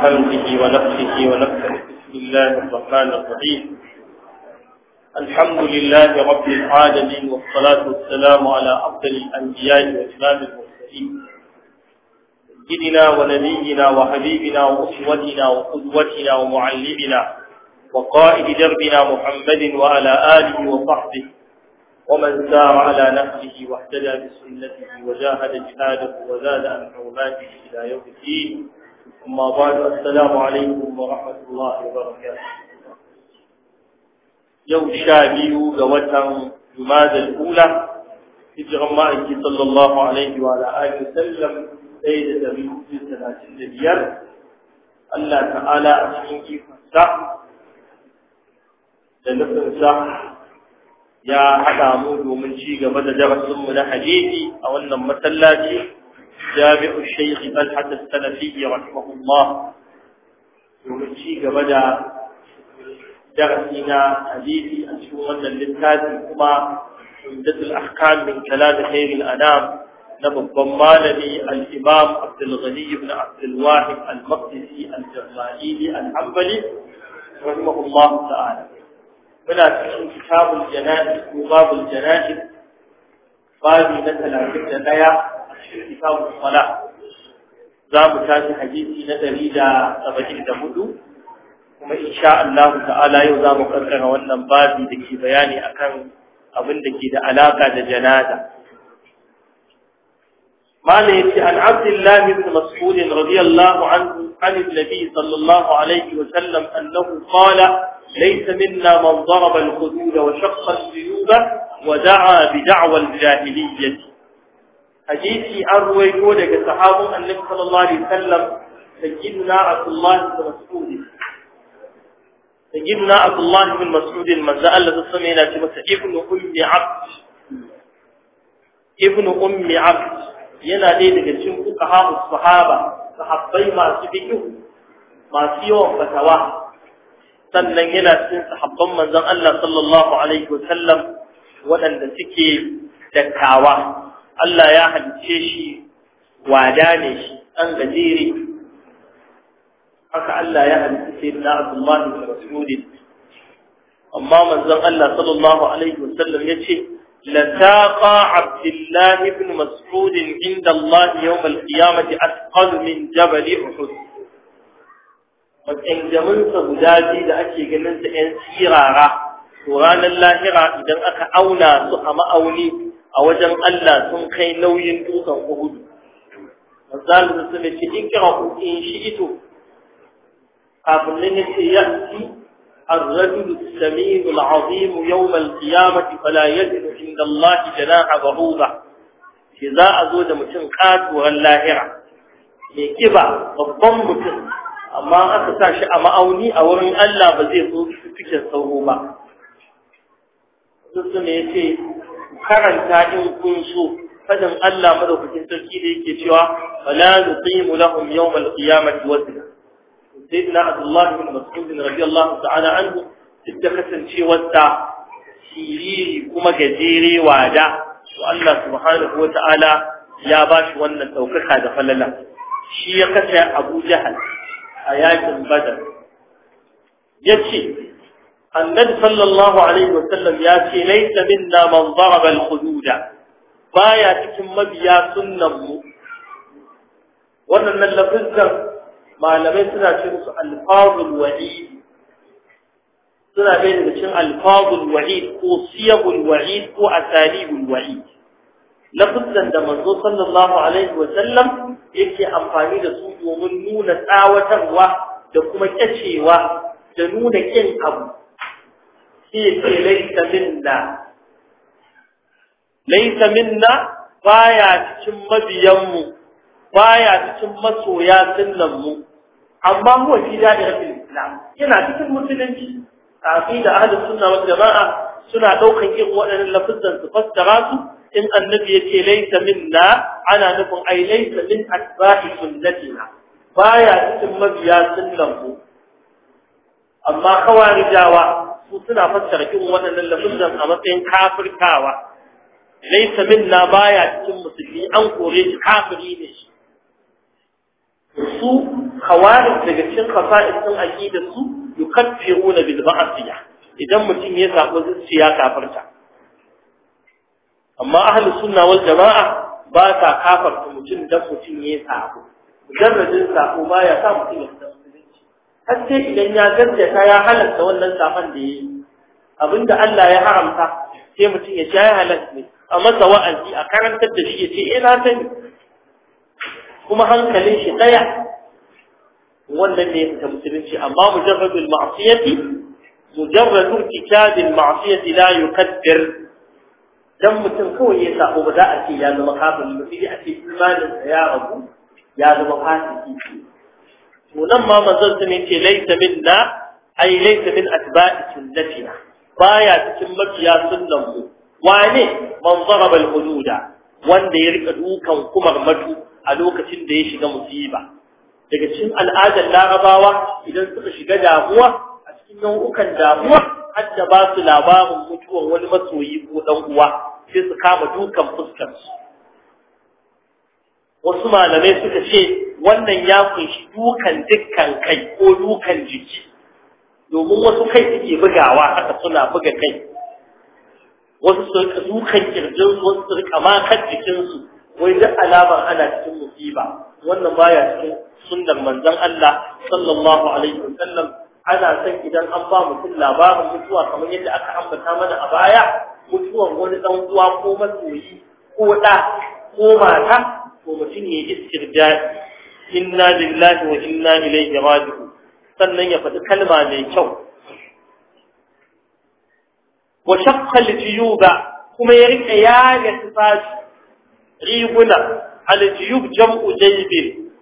حمده ونفسه ونفسه بسم الله الرحمن الرحيم الحمد لله رب العالمين والصلاة والسلام على أفضل الأنبياء وإمام المرسلين سيدنا ونبينا وحبيبنا وأسوتنا وقدوتنا ومعلمنا وقائد دربنا محمد وعلى آله وصحبه ومن سار على نفسه واهتدى بسنته وجاهد جهاده وزاد عن حرماته إلى يوم الدين أما بعد السلام عليكم ورحمة الله وبركاته يوم شابي قوتا جماد الأولى hijiran ma'aiki sallallahu alaihi wa alihi sallam ɗaya da ɗari hudu talatin da biyar Allah ta'ala a cikin ikonsa da nufinsa ya haɗa mu domin ci gaba da darasinmu na hadisi a wannan masallaci جامع الشيخ بلحة السلفي رحمه الله ومشي قبل درسنا حديثي أن شو أن للتاتي هما عمدة الأحكام من كلام خير الأنام نبو الضمالني الإمام عبد الغني بن عبد الواحد المقدسي الجرائيلي الحنبلي رحمه الله تعالى هنا في كتاب الجنائز وباب الجنائز بابي نتلا كتاب الله تعالى يوزام قرر وانم بازي دكي بياني أكان أبن دكي دا علاقة دا جنادة ما ليس عن عبد الله بن مسعود رضي الله عنه عن النبي صلى الله عليه وسلم أنه قال ليس منا من ضرب الخدود وشق السيوبة ودعا بدعوى الجاهلية hadisi an ruwaito daga sahabun annabi sallallahu alaihi wasallam sayyidina Abdullah bin Mas'ud sayyidina Abdullah bin Mas'ud manzo Allah ta sami yana ce masa ibnu ummi abd ibnu ummi abd yana ɗaya daga cikin fuqaha sahaba sahabbai masu fiqh masu yawan fatawa sannan yana cikin sahabban manzon Allah sallallahu alaihi wasallam waɗanda suke dattawa Allah ya halice shi wada ne shi an gajere haka Allah ya halice sai na Abdullah bin Rasulullah amma manzon Allah sallallahu alaihi wasallam yace la taqa Abdullah ibn Mas'ud inda Allah yawm al-qiyamati asqal min jabal Uhud matsangamin sa guda biyu da ake ganin sa yan sirara to ranar lahira idan aka auna su a ma'auni A wajen Allah sun kai nauyin dukkan kuɗi. Maslalinsu suna shirya ƙira uku in shi ito. Kafin nan ya ce ya isi, Al-Judu, Saminu, Al-Azimu, Yaumati, Yama, Ikbalayi, Yadda da Indallah, Jana, Abba za a zo da mutum ƙara turan lahira? Me kiba babban mutum? Amma aka sa shi a ma'auni a wurin Allah ba zai zo su sauro ba. Wasu suna ce karanta in kun so fadin Allah madaukakin sarki ne yake cewa wala nuqimu lahum yawm al-qiyamati wazna sayyidina Abdullah ibn Mas'ud radiyallahu ta'ala anhu duk kasancewarsa siriri kuma gajere wada to Allah subhanahu wata'ala ya bashi wannan ɗaukaka da falala shi ya kashe Abu Jahal a yakin Badar yace annabi sallallahu alaihi wasallam ya ce laisa minna man daraba al-hududa baya cikin mabiya sunnan mu wannan lafizan malamai suna ce musu alfazul wa'id suna bai da cin alfazul wa'id ko siyabul wa'id ko asalibul wa'id lafizan da manzo sallallahu alaihi wasallam yake amfani da su domin nuna tsawatarwa da kuma kyacewa da nuna kin abu sai ce laisa minna laisa minna baya cikin mabiyanmu baya cikin masoya sunnan mu amma huwa fi irin islam yana cikin musulunci da ahli sunna wal jamaa suna daukan irin waɗannan lafazan su fassara su in annabi yake laisa minna ana nufin ai laisa min atba'i sunnatina baya cikin mabiya sunnan mu amma khawarijawa su suna fassara kin waɗannan lafuzan a matsayin kafirtawa laysa minna baya cikin musulmi an kore shi kafiri ne shi su khawarij daga cikin khasa'is din da su yukaffiruna bil ba'siyah idan mutum ya sako zuciya kafirta amma ahlus sunna wal jama'a ba ta kafarta mutum dan mutum ya sako mujarradin sako baya sa mutum ya har sai idan ya gaskata ya halarta wannan safan da yi. abinda Allah ya haramta sai mutum ya sha ya halarta ne a masa wa'azi a karantar da shi ya ce "Ina eh, sani kuma hankalin shi daya wannan ne ta musulunci amma mujarradul ma'siyati mujarradul kitabil ma'siyati la yuqaddir dan mutum kawai ya sako ba za a ce ya zama kafin ba sai a ce imanin ya rabu ya zama kifi. sunan nan ma manzon sun ce laisa minna ai laisa min atba'i sunnatina baya cikin mafiya sunnan mu wane man zaraba al-hududa wanda ya rika dukan kumar matu a lokacin da ya shiga musiba daga cikin al'adar larabawa idan suka shiga damuwa a cikin nau'ukan damuwa har da ba su labarin mutuwar wani masoyi ko dan uwa sai su kama dukan fuskar su wasu malamai suka ce wannan ya kunshi dukan dukkan kai ko dukan jiki domin wasu kai suke bugawa haka suna buga kai wasu su rika dukan kirjinsu wasu su rika makar jikinsu wai duk alamar ana cikin musiba wannan baya cikin sunnar manzon Allah sallallahu alaihi wasallam ana san idan an ba mutum labarin mutuwa kamar yadda aka ambata mana a baya mutuwar wani dan uwa ko masoyi ko da ko mata ko mutum ya yi inna lillahi wa inna ilaihi raji'un sannan ya faɗi kalma mai kyau wa shaqqa al kuma ya rike ga tsafi riguna al jiyub jam'u jaybin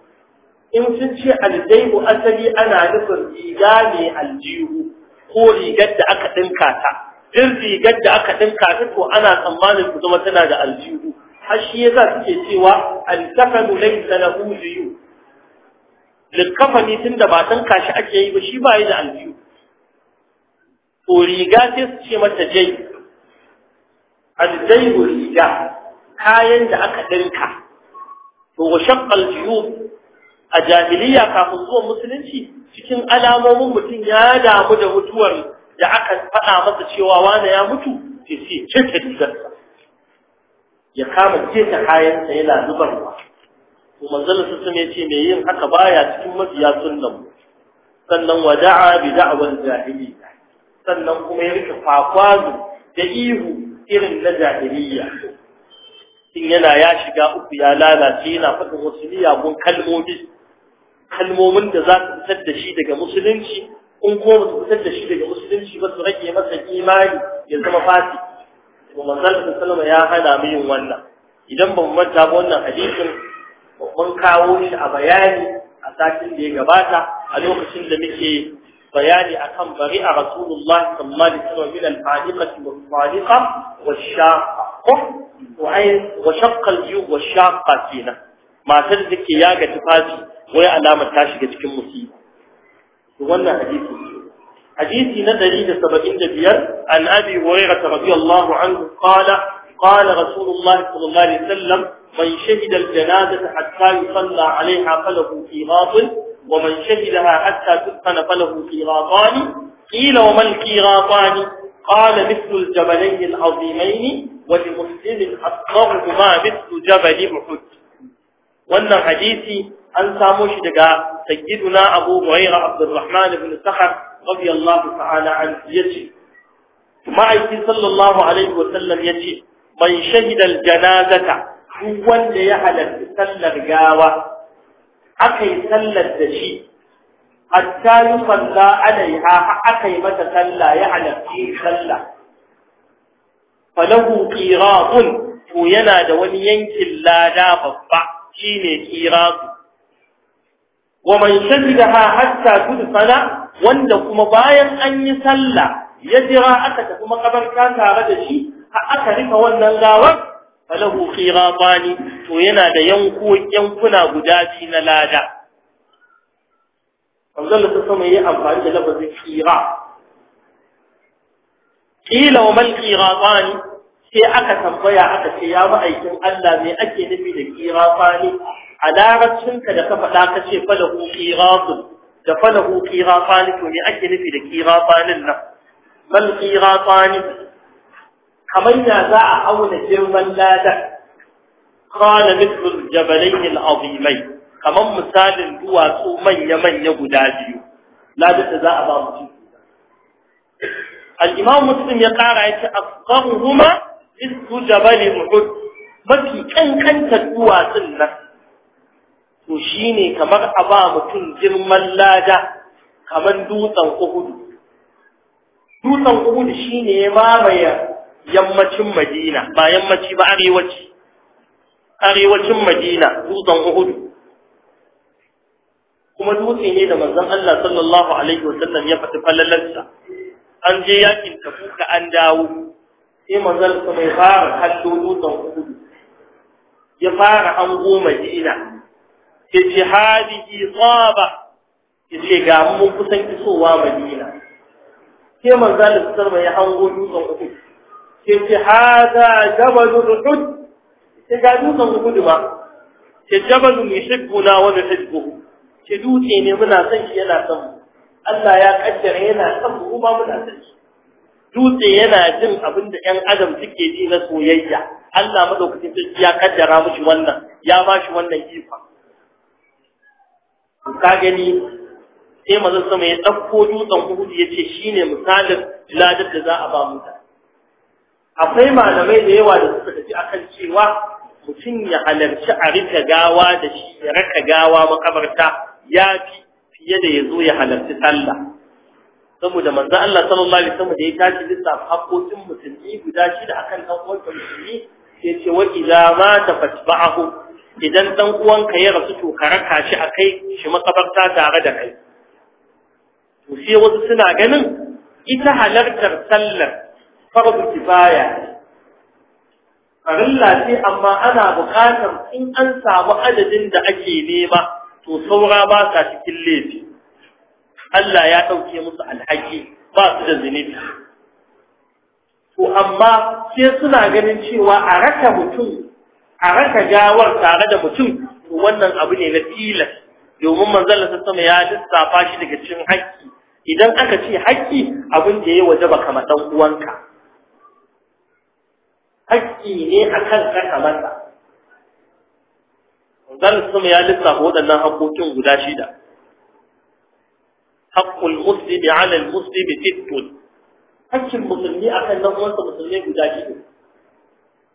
in sun ce al-jaybu asali ana nufin riga ne al ko rigar da aka dinka ta din rigar da aka dinka ta to ana tsammanin ku zama tana da al-juyub har shi yasa suke cewa al-kafanu laysa lahu jiyub likafani tunda da ba san kashi ake yi ba shi ba yi da aljihu to riga sai su ce mata jai aljaihu riga kayan da aka dinka, to wa shaqqal juyub a jahiliya kafin zuwan musulunci cikin alamomin mutum ya damu da mutuwar da aka faɗa masa cewa wani ya mutu sai ce ce rigarsa ya kama ce ta kayan kayansa yana zubarwa to manzon sa sun yace yin haka baya cikin mabiya sunnan sannan wada'a bi da'wal jahili sannan kuma ya rika kwakwazo da ihu irin na jahiliya in yana ya shiga uku ya lalace yana faɗin wasu miyagun kalmomi kalmomin da za su fitar da shi daga musulunci in ko ba su fitar da shi daga musulunci ba su rage masa imani ya zama fati to manzon sallallahu ya hana mu yin wannan idan ba mu manta ba wannan hadisin mun kawo shi a bayani a satin da ya gabata a lokacin da muke bayani akan bari a rasulullah sallallahu alaihi wasallam min fadiqati wa fadiqa wa shaqqa wa ay wa shaqqa al-ju wa shaqqa kina matar da ke yaga tufafi wai alama ta shiga cikin musiba to wannan hadisi hadisi na 175 an abi hurairah radiyallahu anhu qala qala rasulullah sallallahu alaihi wasallam من شهد الجنازة حتى يصلى عليها فله قيراط ومن شهدها حتى تتقن فله قيراطان قيل وما القيراطان قال مثل الجبلين العظيمين ولمسلم أصغرهما مثل جبل أحد wannan hadisi an samo shi daga sayyiduna Abu Hurairah Abdurrahman ibn Sakhar radiyallahu ta'ala an yace ma'aiki sallallahu alaihi wa sallam yace man shahida al-janazata duk wanda ya halarci sallar gawa aka yi sallar da shi hatta yi falla alaiha aka yi mata salla, ya halarci salla. falahu qiratun to yana da wani yankin lada babba shine qiratu wa man shahidaha hatta tudfana wanda kuma bayan an yi sallah ya jira aka tafi makabarta tare da shi aka rika wannan gawar falahu qiratani to yana da yanko yankuna guda biyu na lada Abdul da sama yi amfani da lafazin qira qila wa mal qiratani sai aka tambaya aka ce ya ma'aikin Allah me ake nufi da qiratani a ka da ka faɗa ka ce falahu qiratun da falahu qiratani to me ake nufi da qiratanin nan mal qiratani kamar ya za a auna girman ladan kana mithlul jabalayn al-azimai kamar misalin duwatsu manya-manya guda biyu ladan da za a ba mutum al-imam muslim ya kara yace asqaruhuma isku jabalin uhud mafi kankanta duwatsun nan to shine kamar a ba mutum girman lada kamar dutsen uhud dutsen uhud shine ya mamaye yammacin madina ba yammaci ba arewaci arewacin madina dutsen uhud kuma dutse ne da manzon Allah sallallahu alaihi sallam ya fata falalarsa an je yakin ta kuka an dawo sai manzon sa mai fara kallo dutsen uhud ya fara ango madina ya ce hadihi tsaba ya ce ga mun kusan isowa madina sai manzon sa mai hango dutsen uhud sai hada jabalul uhud sai ga dutsen uhud ba ce jabalun yuhibbuna wani nuhibbuhu ce dutse ne muna son shi yana son mu Allah ya kaddara yana son mu kuma muna son shi dutse yana jin abin da ƴan adam suke ji na soyayya Allah madaukakin sarki ya kaddara mushi wannan ya ba shi wannan ifa ka gani sai mazan sama ya ɗauko dutsen Uhud ya ce shine misalin ladar da za a ba mutane akwai malamai da yawa da suka tafi akan cewa mutum ya halarci a rika gawa da shi ya raka gawa makabarta ya fi fiye da ya zo ya halarci sallah saboda manzo Allah sallallahu alaihi wasallam da ya tashi lissafa haƙoƙin musulmi guda shida akan dan ka musulmi sai ce wa idza mata fatba'ahu idan dan uwanka ya rasu to ka raka shi a kai shi makabarta tare da kai to sai wasu suna ganin ita halartar sallar farzu kifaya farilla ce amma ana bukatar in an samu adadin da ake nema to saura ba sa cikin laifi Allah ya ɗauke musu alhaki ba su da zunubi to amma sai suna ganin cewa a raka mutum a raka gawar tare da mutum to wannan abu ne na tilas domin manzon ta sama ya lissafa shi daga cikin haƙƙi idan aka ce haƙƙi abin da ya wajaba kamar ɗan uwanka hakki ne akan ka kamarsa zan sum ya lissafa waɗannan haƙoƙin guda shida haƙƙul muslimi ala muslimi sittun hakkin musulmi akan nan uwansa musulmi guda shida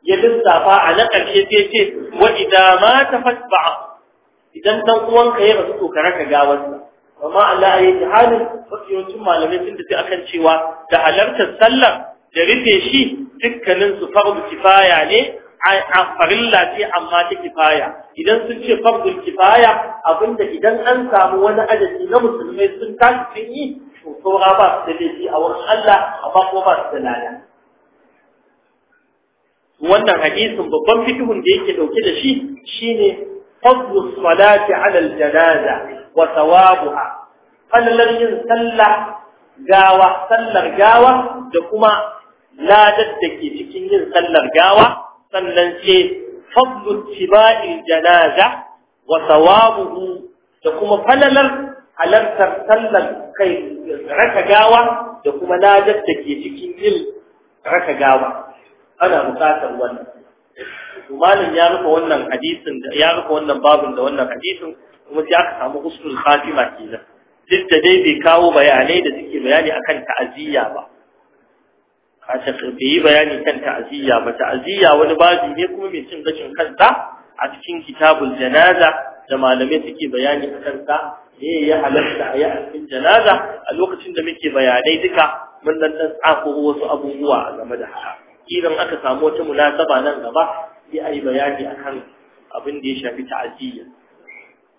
ya lissafa a na ƙarshe sai ce wa idan ma ta fasba idan dan uwanka ya rasu to ka raka gawarsa amma Allah ya yi halin wasu yawancin malamai sun tafi akan cewa da halartar sallar da rufe shi dukkanin su fardu kifaya ne a farilla ce amma ta kifaya idan sun ce fardu kifaya abinda idan an samu wani adadi na musulmai sun tashi sun yi to saura ba su da laifi a wurin Allah amma kuma ba su da lada wannan hadisin babban fikihun da yake dauke da shi shine fardu salati ala aljanaza wa thawabuha falalar yin sallah gawa sallar gawa da kuma ladar da ke cikin yin sallar gawa sannan sai fadlul tiba'il janaza wa sawabuhu da kuma falalar halartar sallar kai raka gawa da kuma ladar da ke cikin yin raka gawa ana bukatar wannan malam ya rufe wannan hadisin da ya rufe wannan babin da wannan hadisin kuma sai aka samu husnul khatima kenan duk da dai bai kawo bayanai da suke bayani akan ta'aziyya ba a bai yi bayani kan ta'aziyya ba ta'aziyya wani babi ne kuma mai cin gashin kansa a cikin kitabul janaza da malamai suke bayani a kansa Me ya halatta a yi cikin janaza a lokacin da muke bayanai duka mun dan dan tsako wasu abubuwa game da haka idan aka samu wata munasaba nan gaba sai a bayani akan abin da ya shafi ta'aziyya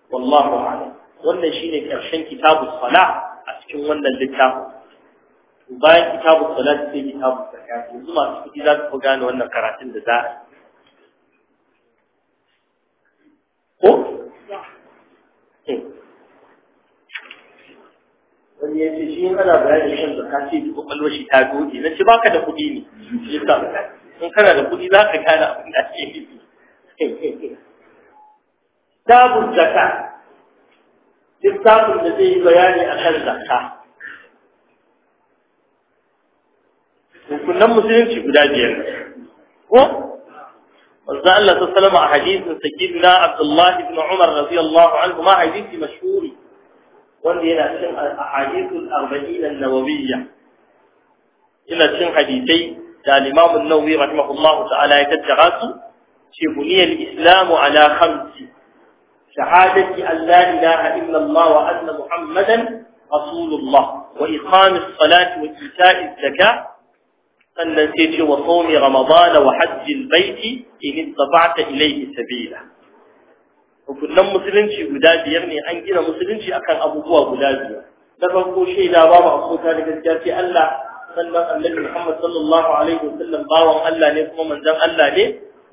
wallahu a'lam wannan shine karshen kitabul sala a cikin wannan littafin bayan kitabun salat sai kitabun zakat yanzu masu kuɗi za su gane wannan karatun da za a ko wani ya ce shi ana da shan zakka sai ji kwakwalwar shi ta doge na ce baka da kuɗi ne shi yasa in kana da kuɗi za ka gane abin da ake yi kitabun zakka littafin da zai yi bayani akan zakka rukunan musulunci guda biyar ko wanda Allah ta salama a hadisin sakidina Abdullah ibn Umar radiyallahu anhu ma hadisi mashhuri wanda yana cikin ahadithul arba'in an-nawawiyya ina cikin hadisi da imam an-Nawawi rahimahullahu ta'ala ya tattara su ce buniyal islamu ala khamsi shahadati an la ilaha illa Allah wa anna muhammadan rasulullah wa iqamis salati wa ita'iz zakah sannan sai ce wa sawmi ramadana wa hajjil baiti in istata'ta ilayhi sabila hukunnan musulunci guda biyar ne an gina musulunci akan abubuwa guda biyar na farko shaida babu abota da gaskiya sai Allah sannan annabi Muhammad sallallahu alaihi wasallam bawan Allah ne kuma manzon Allah ne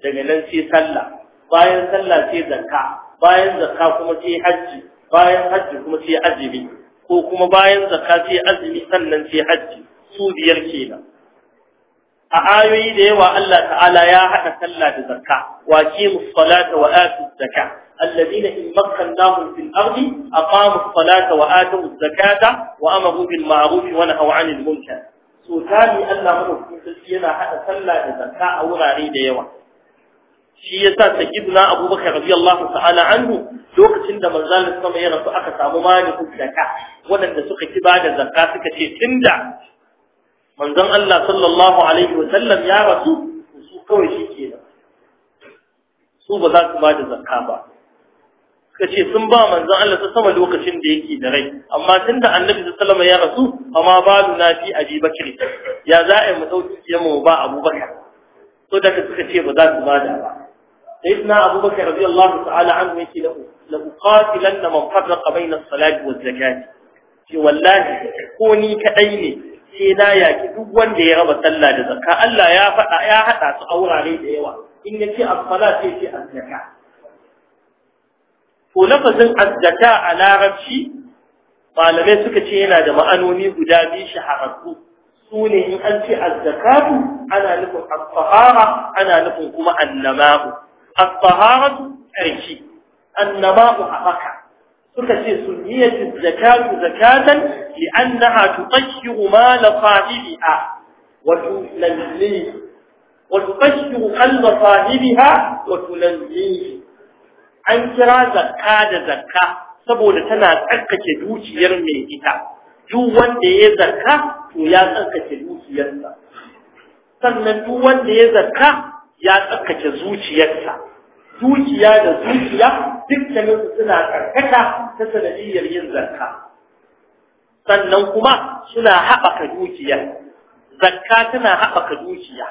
daga nan sai sallah bayan sallah sai zakka bayan zakka kuma sai hajji bayan hajji kuma sai azumi ko kuma bayan zakka sai azumi sannan sai hajji su biyar kenan a ayoyi da yawa Allah ta'ala ya haɗa sallah da zakka wa aqimus salata wa atuz zakka alladhina in makkannahum fil ardi aqamus salata wa atuz zakata wa amaru bil ma'ruf wa nahaw 'anil munkar so tani Allah madaukakin sarki yana haɗa sallah da zakka a wurare da yawa shi yasa sayyidina Abubakar radiyallahu ta'ala anhu lokacin da manzalin sama ya rasu aka samu malikin zakka waɗanda suka kiba da zakka suka ce tunda manzon Allah sallallahu alaihi wa sallam ya rasu su kawai shi ke kenan su ba za su ba da zakka ba suka ce sun ba manzon Allah ta sama lokacin da yake da rai amma tunda annabi sallallahu ya rasu amma balu na fi abi bakr ya za a yi mu dauki ya mu ba abubakar to da suka ce ba za su ba da ba sayyidina abubakar radiyallahu ta'ala anhu yake da la uqatilanna man farraqa bayna as-salati waz-zakati ce wallahi ko ni kadai ne sai na yaki duk wanda ya raba sallah da zakka Allah ya faɗa ya haɗa su a wurare da yawa in ya ce as-sala sai ce az-zaka to lafazin az-zaka a larabci malamai suka ce yana da ma'anoni guda biyu shahararru su ne in an ce az-zakatu ana nufin as-sahara ana nufin kuma annama'u as-saharatu tsarki annama'u suka ce sunniyatu zakatu zakatan li annaha tutashshiru mal sahibiha wa tulalli wa tutashshiru qalb sahibiha wa tulalli an kira zakka da zakka saboda tana tsarkake dukiyar mai ita duk wanda ya zakka to ya tsarkake dukiyarsa sannan duk wanda ya zakka ya tsarkake zuciyarsa zuciya da zuciya dukkanin suna karkata ta sanadiyar yin zakka sannan kuma suna haɓaka zuciya zakka tana haɓaka dukiya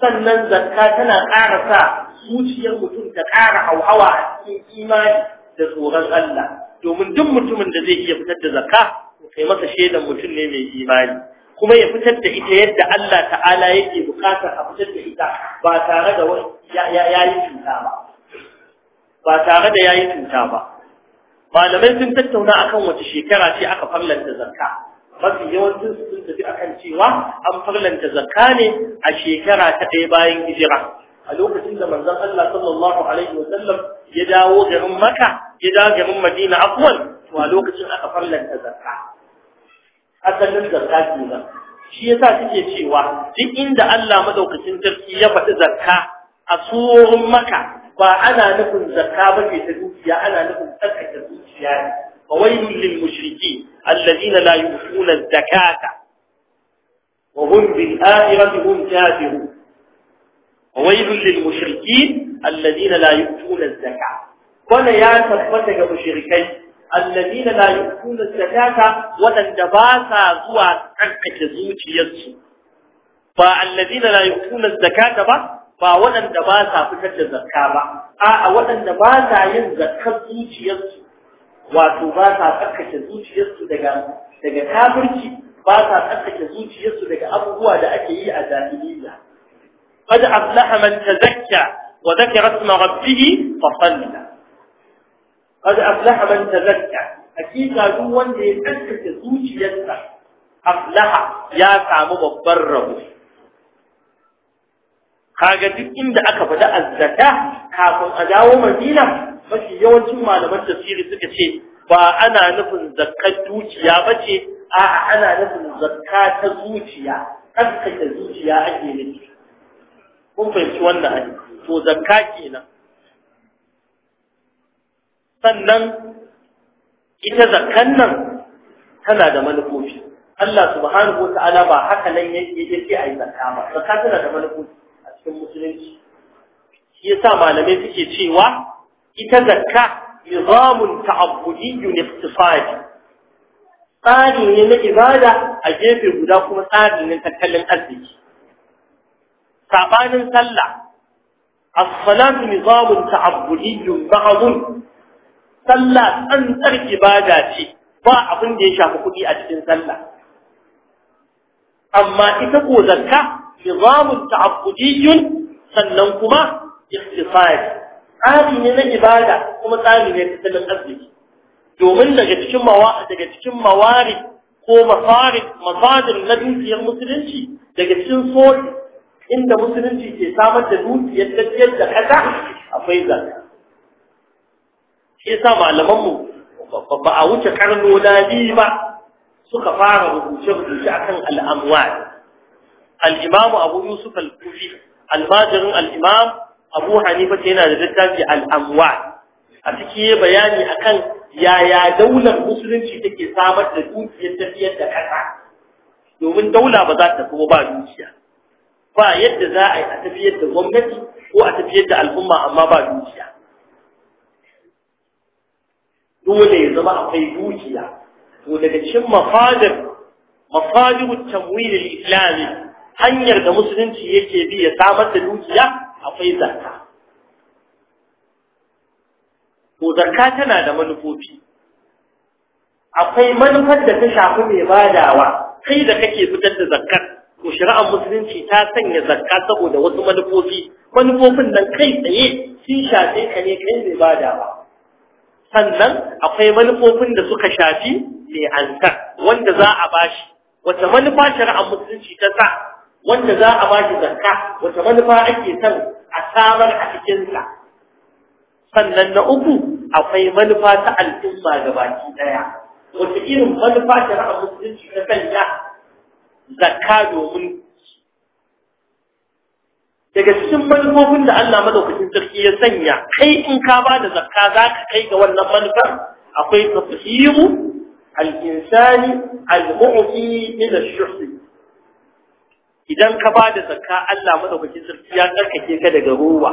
sannan zakka tana ƙara sa zuciyar mutum ta ƙara hauhawa a cikin imani da tsoron Allah domin duk mutumin da zai iya fitar da zakka to kai masa shaidan mutum ne mai imani kuma ya fitar da ita yadda Allah ta'ala yake bukatar a fitar da ita ba tare da yayi cuta ba ba tare da yayi cuta ba malamai sun tattauna akan wace shekara ce aka farlanta zakka mafi yawancin su sun tafi akan cewa an farlanta zakka ne a shekara ta ɗaya bayan hijira a lokacin da manzon Allah sallallahu alaihi sallam ya dawo garin Makka ya dawo garin Madina afwan to a lokacin aka farlanta zakka asalin zakka kenan shi yasa suke cewa duk inda Allah madaukakin sarki ya faɗi zakka a surorin maka ba ana nufin zakka ba ke ta dukiya ana nufin tsarkake zuciya ne fa wailul lil mushriki alladhina la yu'tuna zakata wa hum bil akhirati hum kafirun wa wailul lil mushriki alladhina la yu'tuna zakata wannan ya tabbata ga mushrikai الذين لا يؤتون الزكاة ba sa zuwa تركك zuciyarsu ba alladina la yu'tuna zakata ba ba waɗanda ba sa fitar da zakka ba a'a waɗanda ba sa yin zakkar zuciyarsu wato ba sa tsarkake zuciyarsu daga daga kafirci ba sa tsarkake zuciyarsu daga abubuwa da ake yi a jahiliya qad aflaha man tazakka wa dhakara isma rabbih fa salla قد أفلح من تذكى حقيقة دو وند يتذكى زوجيتك أفلح ya سامو babban rabo kaga duk inda aka faɗi azzaka kafin a dawo Madina mafi yawancin malaman tafsiri suka ce ba ana nufin zakkar dukiya ba ce a'a ana nufin zakka ta zuciya tsarkake zuciya ake nufi kun fahimci wannan to zakka kenan sannan ita zakkan nan tana da manufofi Allah subhanahu wata'ala ba haka nan yake a yi zakka ba zakka tana da manufofi a cikin musulunci shi yasa malamai suke cewa ita zakka nizamun ta'abbudiyyun iqtisadi tsari ne na ibada a gefe guda kuma tsari ne tattalin arziki sabanin sallah as-salatu nizamun ta'abbudiyyun ba'dun sallah tsantsar ibada ce ba abin da ya shafi kuɗi a cikin sallah amma ita ko zakka nizamun ta'abbudiyyun sannan kuma ikhtisari tsari ne na ibada kuma tsari ne ta salon arziki domin daga cikin mawa daga cikin mawari ko mafarid masadir na dukiyar musulunci daga cikin soji inda musulunci ke samar da dukiyar tafiyar da kasa akwai zakka shi yasa malamanmu ba a wuce na biyu ba suka fara rubuce-rubuce akan al'amwal al-imam abu yusuf al-kufi almajirin al'imam abu hanifa yana da littafi al'amwal a ciki bayani akan yaya daular musulunci take samar da dukiyar tafiyar da kasa domin daula ba za ta kuma ba dukiya ba yadda za a yi a tafiyar da gwamnati ko a tafiyar da al'umma amma ba dukiya dole ya zama akwai dukiya to daga cikin mafadir mafadir tamwil al-islami hanyar da musulunci yake bi ya samar da dukiya akwai zakka to zakka tana da manufofi akwai manufar da ta shafi mai badawa kai da kake fitar da zakkar to shari'ar musulunci ta sanya zakka saboda wasu manufofi manufofin nan kai tsaye sun shafe ka ne kai mai badawa sannan akwai manufofin da suka shafi mai antar wanda za a bashi wata manufa shari'ar musulunci ta sa wanda za a bashi zakka wata manufa ake san a samar a cikinsa sannan na uku akwai manufa ta al'umma ga baki daya wata irin manufa shari'ar musulunci ta sanya zakka domin daga cikin manufofin da Allah madaukakin sarki ya sanya kai in ka ba da zakka za ka kai ga wannan manufar akwai tafhimu al-insani al-mu'ti min ash-shuhh idan ka ba da zakka Allah madaukakin sarki ya tsarkake ka daga ruwa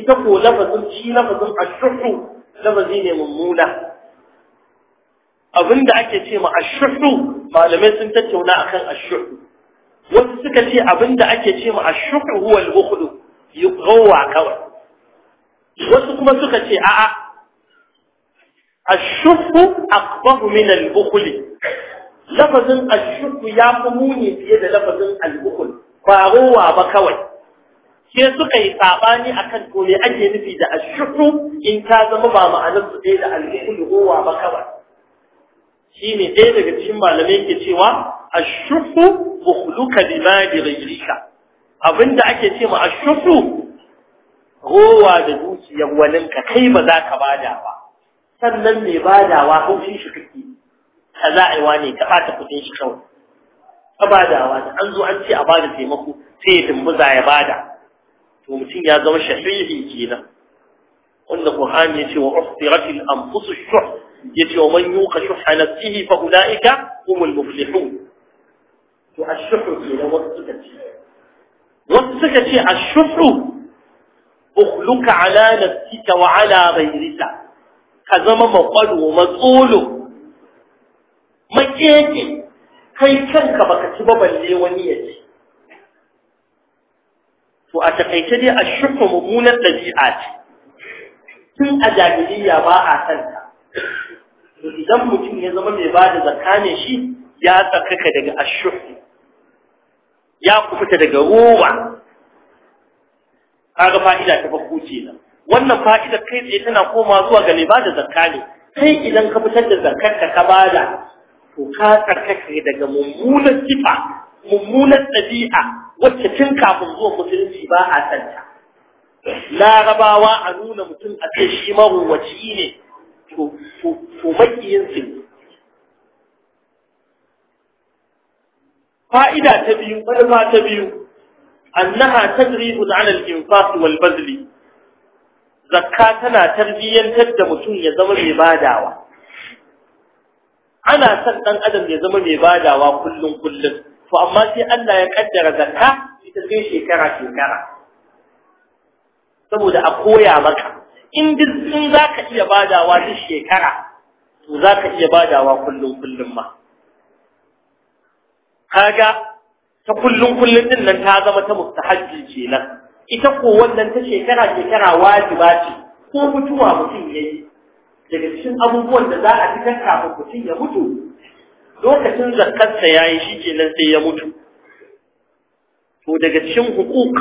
ita ko lafazin shi lafazin ash lafazi ne mummuna abinda ake ce ma ash malamai sun tattauna akan ash wasu suka ce abinda ake ce ma ashuhu huwa al-bukhlu yuqawa kawai wasu kuma suka ce a'a ashuhu aqbahu min al-bukhli lafazin ashuhu ya fi muni fiye da lafazin al ba rowa ba kawai sai suka yi sabani akan kan me ake nufi da ashuhu in ta zama ba ma'anar su da al-bukhl ba kawai shine ɗaya daga cikin malamai ke cewa ashuhu bukhluka lima ghayrika abinda ake ce ma ashufu rowa da dukiyar ka kai ba za ka bada ba sannan mai badawa haushin shi kake ka za a yi wani ka bata kudin shi kawai ka badawa da an zo an ce a bada taimako sai ya dumbuza ya bada to mutum ya zama shahihi kenan wanda Qur'ani ya ce wa uhtiratil anfusush shuh ya ce wa man yuqa shuha fa ulaika humul muflihun to ashuhu kenan wasu suka ce wasu suka ce ashuhu ukhluka ala nafsika wa ala ghayrika ka zama makwalo matsolo makeke kai kanka baka ci ba balle wani ya ci to a takaice dai ashuhu mummunar dabi'a ce tun a jahiliya ba a santa idan mutum ya zama mai ba da zakane shi ya tsakaka daga ashuhu ya fita daga ruwa kaga fa'ida ta farko kenan wannan fa'idar kai tsaye tana koma zuwa ga da zakka ne kai idan ka fitar da zakkar ka ka bada to ka tsarkake daga mummunan sifa mummunan ɗabi'a wacce tun kafin zuwa musulunci ba a santa larabawa a nuna mutum a kai shi maruwaci ne to makiyin su fa'ida ta biyu manufa ta biyu annaha tajrihun ala al-infaq wal bazli zakka tana tarbiyyantar da mutum ya zama mai badawa ana son ɗan adam ya zama mai badawa kullum kullum to amma sai Allah ya kaddara zakka ita sai shekara shekara saboda a koya maka in duk zaka iya badawa duk shekara to zaka iya badawa kullum kullum ma kaga ta kullun kullun din nan ta zama ta mustahabbi kenan ita ko wannan ta shekara shekara wajiba ce ko mutuwa mutum yayi daga cikin abubuwan da za a fitar kafin mutum ya mutu lokacin zakarsa yayi shi kenan sai ya mutu to daga cikin hukuk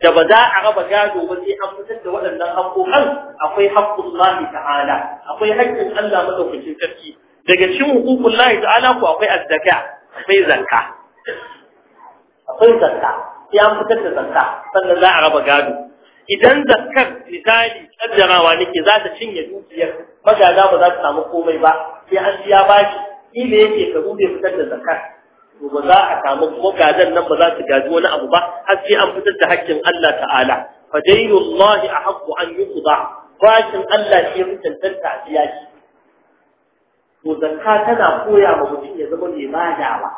da ba za a raba gado ba sai an fitar da waɗannan haƙoƙan akwai haƙƙun lahi ta'ala akwai haƙƙin Allah madaukakin sarki daga cikin hukukun lahi ta'ala ko akwai azzaka akwai zanka akwai zanka, sai an fitar da zanka sannan za a raba gado idan zankar, misali kaddarawa nake za ta cinye dukiyar magaza ba za ta samu komai ba sai an biya bashi ile yake ka rube fitar da zakkar to ba za a samu magadan nan ba za su gaji wani abu ba har sai an fitar da haƙƙin Allah ta'ala fa a ahqqu an yuqda bashin Allah shi ya tantance a siya shi to zakka tana koya ma mutum ya zama mai badawa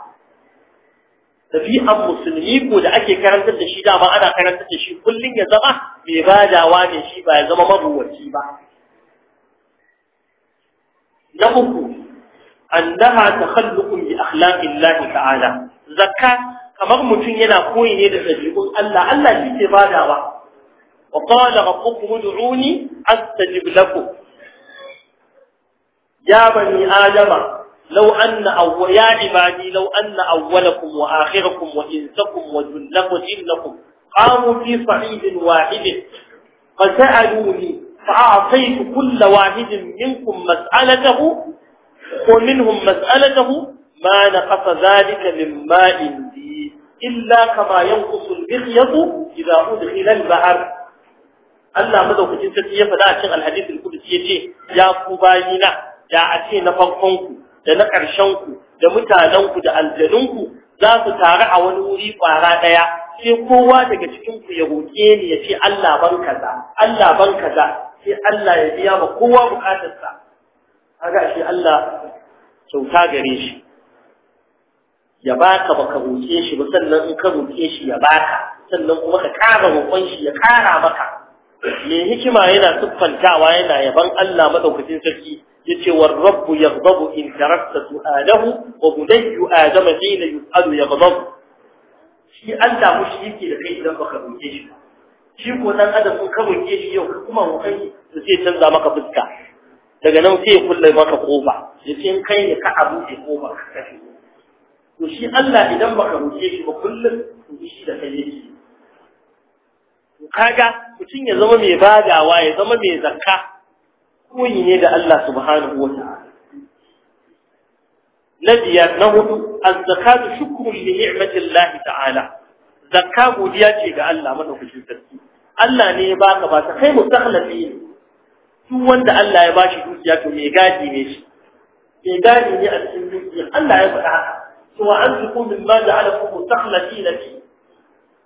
tabi'ar musulmi ko da ake karantar da shi dama ana karantar da shi kullum ya zama mai badawa ne shi ba ya zama mabuwaci ba na uku annaha takhalluqun bi akhlaqillahi ta'ala zakka kamar mutum yana koyi ne da dabi'un Allah Allah shi ke badawa wa qala rabbukum ud'uni astajib lakum يا بني آدم لو أن أو يا عبادي لو أن أولكم وآخركم وإنسكم وجنكم وجنكم قاموا في صعيد واحد فسألوني فأعطيت كل واحد منكم مسألته ومنهم مسألته ما نقص ذلك من ماء لي إلا كما ينقص البغية إذا أدخل البحر الله madaukakin sarki ya faɗa الحديث cikin alhadith al-qudsi da a ce na farkonku da na ƙarshenku da mutanenku da aljanunku za su taru a wani wuri ƙwara ɗaya sai kowa daga cikinku ya roƙe ni ya ce Allah ban kaza Allah ban kaza sai Allah ya biya ma kowa buƙatarsa kaga shi Allah kyauta gare shi ya baka baka roƙe shi ba sannan in ka roƙe shi ya baka sannan kuma ka ƙara roƙon shi ya ƙara maka me hikima yana siffantawa yana yaban Allah maɗaukacin sarki yace war rabbu yaghdabu in tarakta su'alahu wa bunayyu adama hina yus'alu yaghdabu shi Allah mushi yake da kai idan baka roke shi shi ko dan adam ka roke shi yau kuma mu kai zai canza maka fuska daga nan sai ya kulle maka kofa yace kai ne ka abu ke kofa ka Allah idan baka shi ba kullum shi da kai kaga mutum ya zama mai badawa ya zama mai zakka koyi ne da Allah subhanahu wa ta'ala na biyar na hudu azzakatu shukrun li ni'matillahi ta'ala Zaka godiya ce ga Allah madaukakin sarki Allah ne ya baka ba ta kai mustahlafi ne duk wanda Allah ya bashi dukiya to me gadi ne shi me gadi ne a cikin dukiya Allah ya faɗa haka to wa anfiqu mimma ja'alakum mustakhlifina fi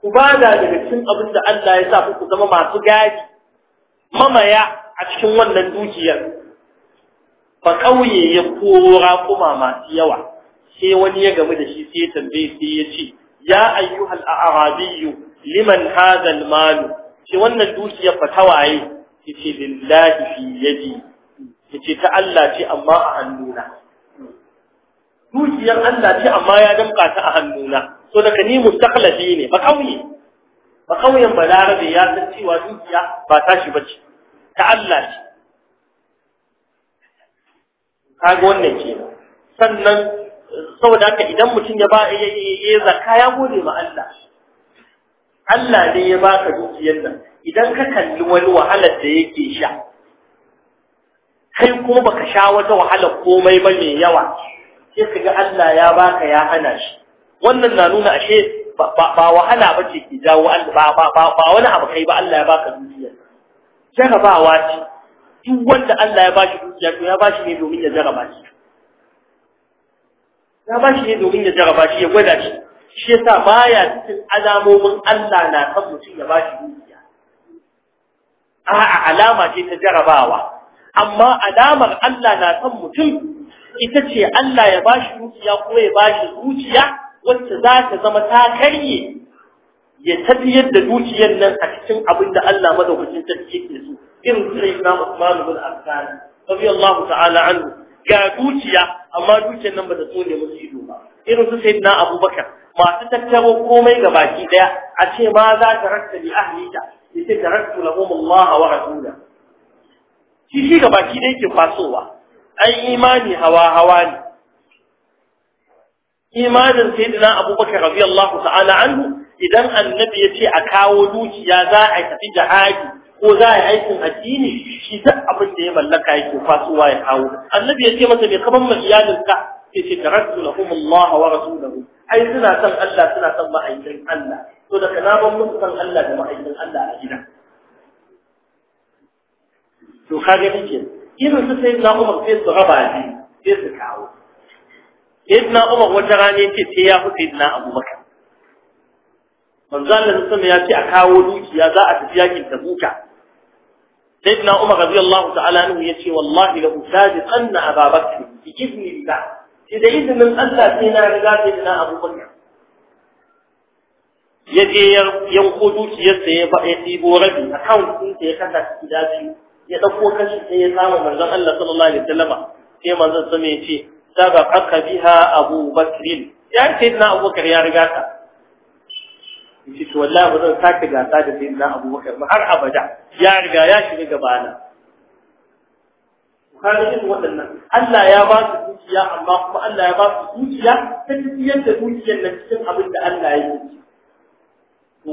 ku ba da daga cikin abin da Allah ya sa ku zama masu gadi mamaya a cikin wannan dukiyar ba ƙauye ya kora kuma masu yawa sai wani ya gamu da shi sai ya tambaye sai ya ce ya ayyuhal a'rabiyyu liman hadha al-mal wannan dukiyar fa tawaye yace lillahi fi yadi yace ta Allah ce amma a hannuna dukiyar Allah ce amma ya danka ta a hannuna so daga ni mustaqlafi ne ba kauye ba kauyen balarabe ya san cewa dukiya ba tashi bace ta Allah ce kaga wannan kenan sannan saboda haka idan mutum ya ba ya zakka ya gode ma Allah Allah ne ya baka dukiyar nan idan ka kalli wani wahalar da yake sha kai kuma baka sha wata wahalar komai ba mai yawa sai ka ga Allah ya baka ya hana shi wannan na nuna ashe ba wahala ba ce ke jawo ba wani abu kai ba Allah ya baka dukiyar jarabawa ce duk wanda Allah ya bashi dukiya to ya bashi ne domin ya jaraba shi ya bashi ne domin ya jaraba shi ya gwada shi shi yasa baya cikin alamomin Allah na kan mutum ya bashi dukiya a'a alama ce ta jarabawa amma alamar Allah na kan mutum ita ce Allah ya bashi dukiya ko ya bashi zuciya wacce za ta zama ta karye ya tafiyar da dukiyar nan a cikin abin da Allah madaukakin sarki yake so irin sai na Usman ibn Affan radiyallahu ta'ala anhu ga dukiya amma dukiyar nan ba ta so ne musu ido ba irin su sayyidina Abubakar masu tattaro komai ga baki daya a ce ma za ka rakta li ahlika yace taraktu lahum Allah wa rasulahu shi shi ga baki da yake fasowa ai imani hawa hawa ne imanin sayyidina Abubakar radiyallahu ta'ala anhu idan annabi ya ce a kawo dukiya za a tafi jihadi ko za a yi aikin addini shi duk abin da ya mallaka yake kwasuwa ya kawo annabi ya ce masa bai kaban ma ka ya ce tarattu lahum Allah wa rasuluhu ai suna son Allah suna son ma'aikin Allah to daga na ban musu son Allah da ma'aikin Allah a gida to kage nake irin su sai na Umar sai su raba ne sai su kawo Sayyidina Umar wata rana yake sai ya fi Sayyidina Abubakar manzo Allah sallallahu ya ce a kawo dukiya za a tafi yakin tabuka sayyidina Umar radiyallahu ta'ala anhu yace wallahi la usadiqanna anna Bakr bi idnillah shi da izinin Allah sai na riga sayyidina Abu Bakr ya je yanko dukiyarsa ya ba ya ɗibo rabi account ɗinsa ya shi da shi ya dauko kashi sai ya samu manzo Allah sallallahu alaihi wasallam sai manzon sama ya ce sabaqaka biha Abu Bakr ya ce na Abu Bakr ya riga ka shi to wallahi ba zan saka gasa da sai na abubakar ba har abada ya riga ya shiga gabana na kharijin waɗannan Allah ya ba su dukiya amma kuma Allah ya ba su dukiya ta dukiyar yadda dukiyar na cikin abin da Allah ya yi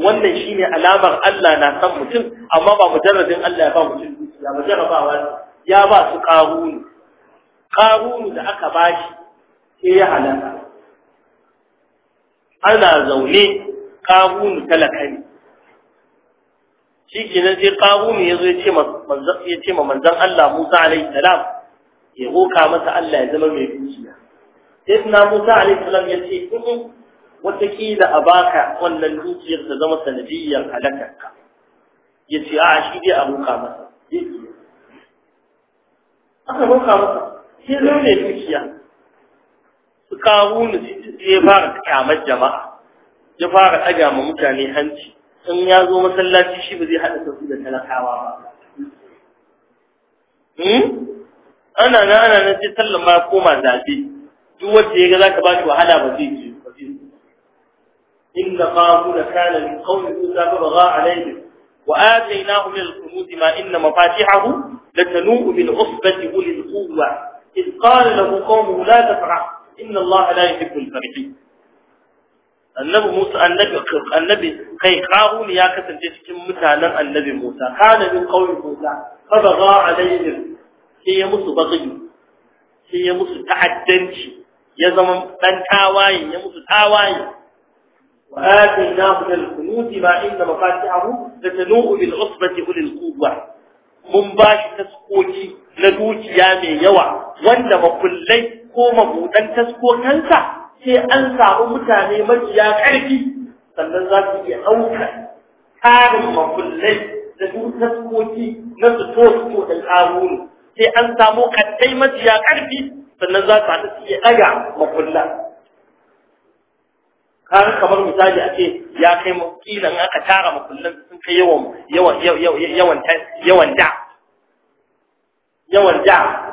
wannan shine alamar Allah na san mutum amma ba mujarradin Allah ya ba mutum dukiya ba jarabawa ya ba su qarunu qarunu da aka bashi sai ya halaka ana zaune qabun talaka ne shi kenan sai qabun ya zo ya ce ce manzan Allah Musa alaihi salam ya roka masa Allah ya zama mai dukiya sai na Musa alaihi salam ya ce mm, mm, wataƙila a baka wannan dukiyar ta zama sanadiyyar halakarka ya ce a shi dai a roka masa aka roka masa sai zama mai dukiya su ƙarunu sai ya fara kyamar jama'a ya fara ɗaga ma mutane hanci in ya zo masallaci shi ba zai haɗa sauki da talakawa ba hmm? ana na ana na sai sallan ma koma zabe duk wacce ya ga ka ba shi wahala ba zai ji ba zai ji inna qahu la kana min qawmi illa bagha alayhi wa atainahu min al-qunut ma inna mafatihahu latanu'u bil usbati ulil quwwa ko قال له da لا Inna Allah الله لا يحب الفرحين annabi Musa annabi annabi kai ne ya kasance cikin mutanen annabi Musa kana min qaumi Musa fa baga alaihim sai ya musu bagi sai ya musu ta'addanci ya zama dan tawaye ya musu tawaye wa atainahu lil kunuti ma inna mafatihahu latanu'u bil usbati ulil quwwa mun ba shi taskoki na dukiya mai yawa wanda makullai ko mabudan taskokansa sai an samu mutane majiya ƙarfi sannan za su iya hauka tarin makullai da taskoki na su to da ƙaruru sai an samu kaddai majiya ƙarfi sannan za su haɗu su iya ɗaga makulla kan kamar misali a ce ya kai kilan aka tara makullan sun kai yawan yawan yawan yawan da yawan da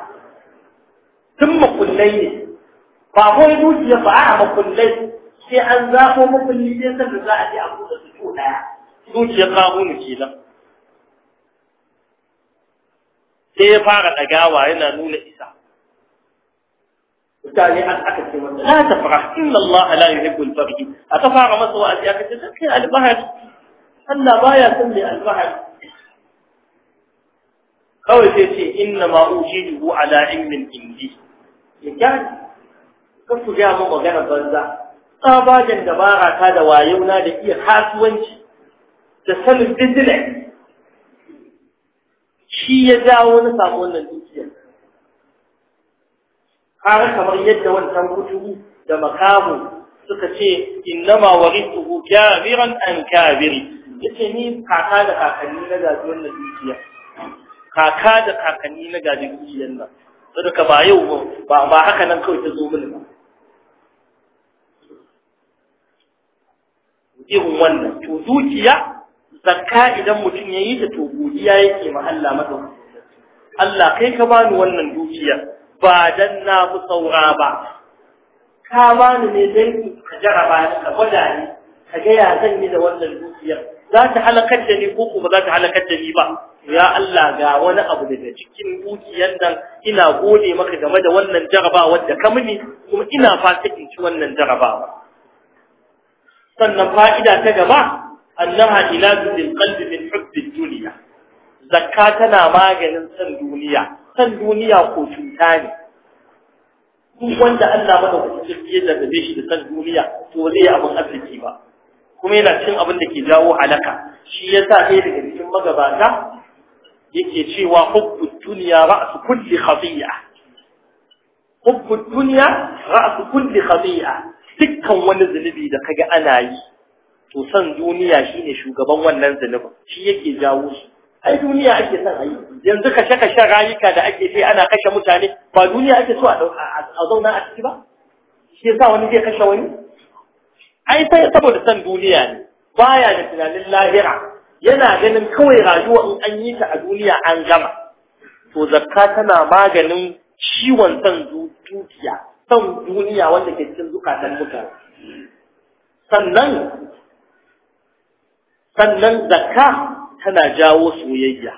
tun makullai ne فهو يجي يجوز يطعام كله في أنزاقه ممكن يجي الرزاعة في أبوضة يجي يجوز يطعام كله كيف فارغ الأقاوة هنا نولى إساء وكان يأذ أكثر لا تفرح إن الله لا يحب الفرج أتفارغ مصر وأذي أكثر لكي ألبهر أن ما يسمي ألبهر قوله إنما أجيبه على علم الإنجيل يجعل kan su gaya min maganar banza tsabagen dabara ta da wayona da iya kasuwanci da sanin business shi ya jawo na sabon nan dukiya har kamar yadda wancan kuturu da makamu suka ce innama waritu kabiran an kabiri yace ni kaka da kakanni na gaji wannan dukiya kaka da kakanni na gaji dukiyar nan saboda ba yau ba ba haka nan kawai ta zo mini ba irin wannan to dukiya zakka idan mutum ya yi ta to godiya yake ma Allah Allah kai ka bani wannan dukiya ba dan na fi saura ba ka bani ne dan ka jaraba ka gwada ni ka ga ya zan yi da wannan dukiya za ta halakar da ni ko kuma za ta halakar da ni ba ya Allah ga wani abu daga cikin dukiyar nan ina gode maka game da wannan jarabawar da ka mini kuma ina fata in ci wannan jarabawa sannan fa'ida ta gaba annaha ilazun qalbi min hubbid duniya zakka tana maganin san duniya san duniya ko cuta ne duk wanda Allah madaukakin ya jarrabe shi da san duniya to zai abin arziki ba kuma yana cin abin da ke jawo halaka shi yasa ɗaya daga cikin magabata yake cewa hubbu dunya ra'su kulli khati'a hubbu dunya ra'su kulli khati'a dukkan wani zunubi da kaga ana yi to san duniya shine shugaban wannan zunubin shi yake jawo shi ai duniya ake son ai yanzu kashe kashe rayuka da ake sai ana kashe mutane ba duniya ake so a zauna a ciki ba shi yasa wani zai kashe wani ai sai saboda san duniya ne baya da tunanin lahira yana ganin kawai rayuwa in an yi ta a duniya an gama to zakka tana maganin ciwon san dukiya son duniya wanda ke cikin zukatan mutane sannan sannan zakka tana jawo soyayya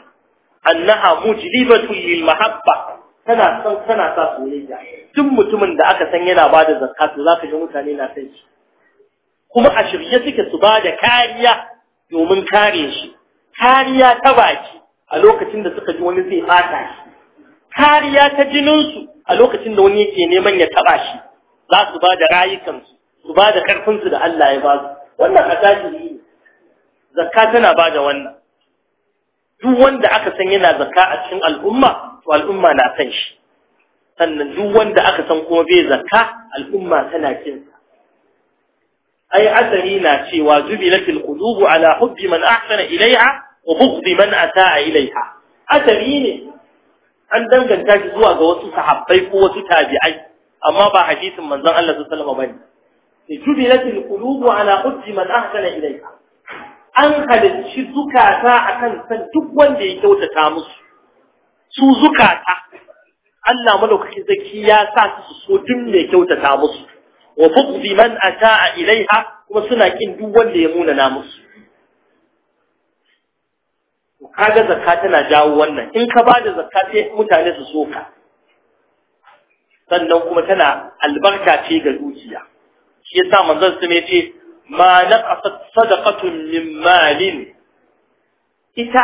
annaha mujlibatu lil mahabba tana son tana sa soyayya duk mutumin da aka san yana bada zakka to zaka ji mutane na san shi kuma a shirye suke su bada kariya domin kare shi kariya ta baki a lokacin da suka ji wani zai fata shi kariya ta jininsu a lokacin da wani yake neman ya taba shi za su ba da rayukansu su ba da karfinsu da Allah ya ba su wannan asasi ne zakka tana ba da wannan duk wanda aka san yana zakka a cikin al'umma to al'umma na san shi sannan duk wanda aka san kuma bai zakka al'umma tana kin ai asali na cewa zubilatil qulubu ala hubbi man ahsana ilaiha wa bughdi man ataa ilaiha asali ne an danganta shi zuwa ga wasu sahabbai ko wasu tabi'ai amma ba hadisin manzon Allah sallallahu alaihi wasallam bane sai jubilatil qulubu ala qudri man ahsana ilayka an halicci zukata akan san duk wanda ya kyautata musu su zukata Allah madaukaki zaki ya sa su so duk kyautata musu wa bughdi man ataa ilaiha kuma suna kin duk wanda ya muna na musu kaga zakka tana jawo wannan in ka bada zakka sai mutane su soka sannan kuma tana albarka ce ga dukiya shi yasa manzon sun ce ma naqasat sadaqatun min malin ita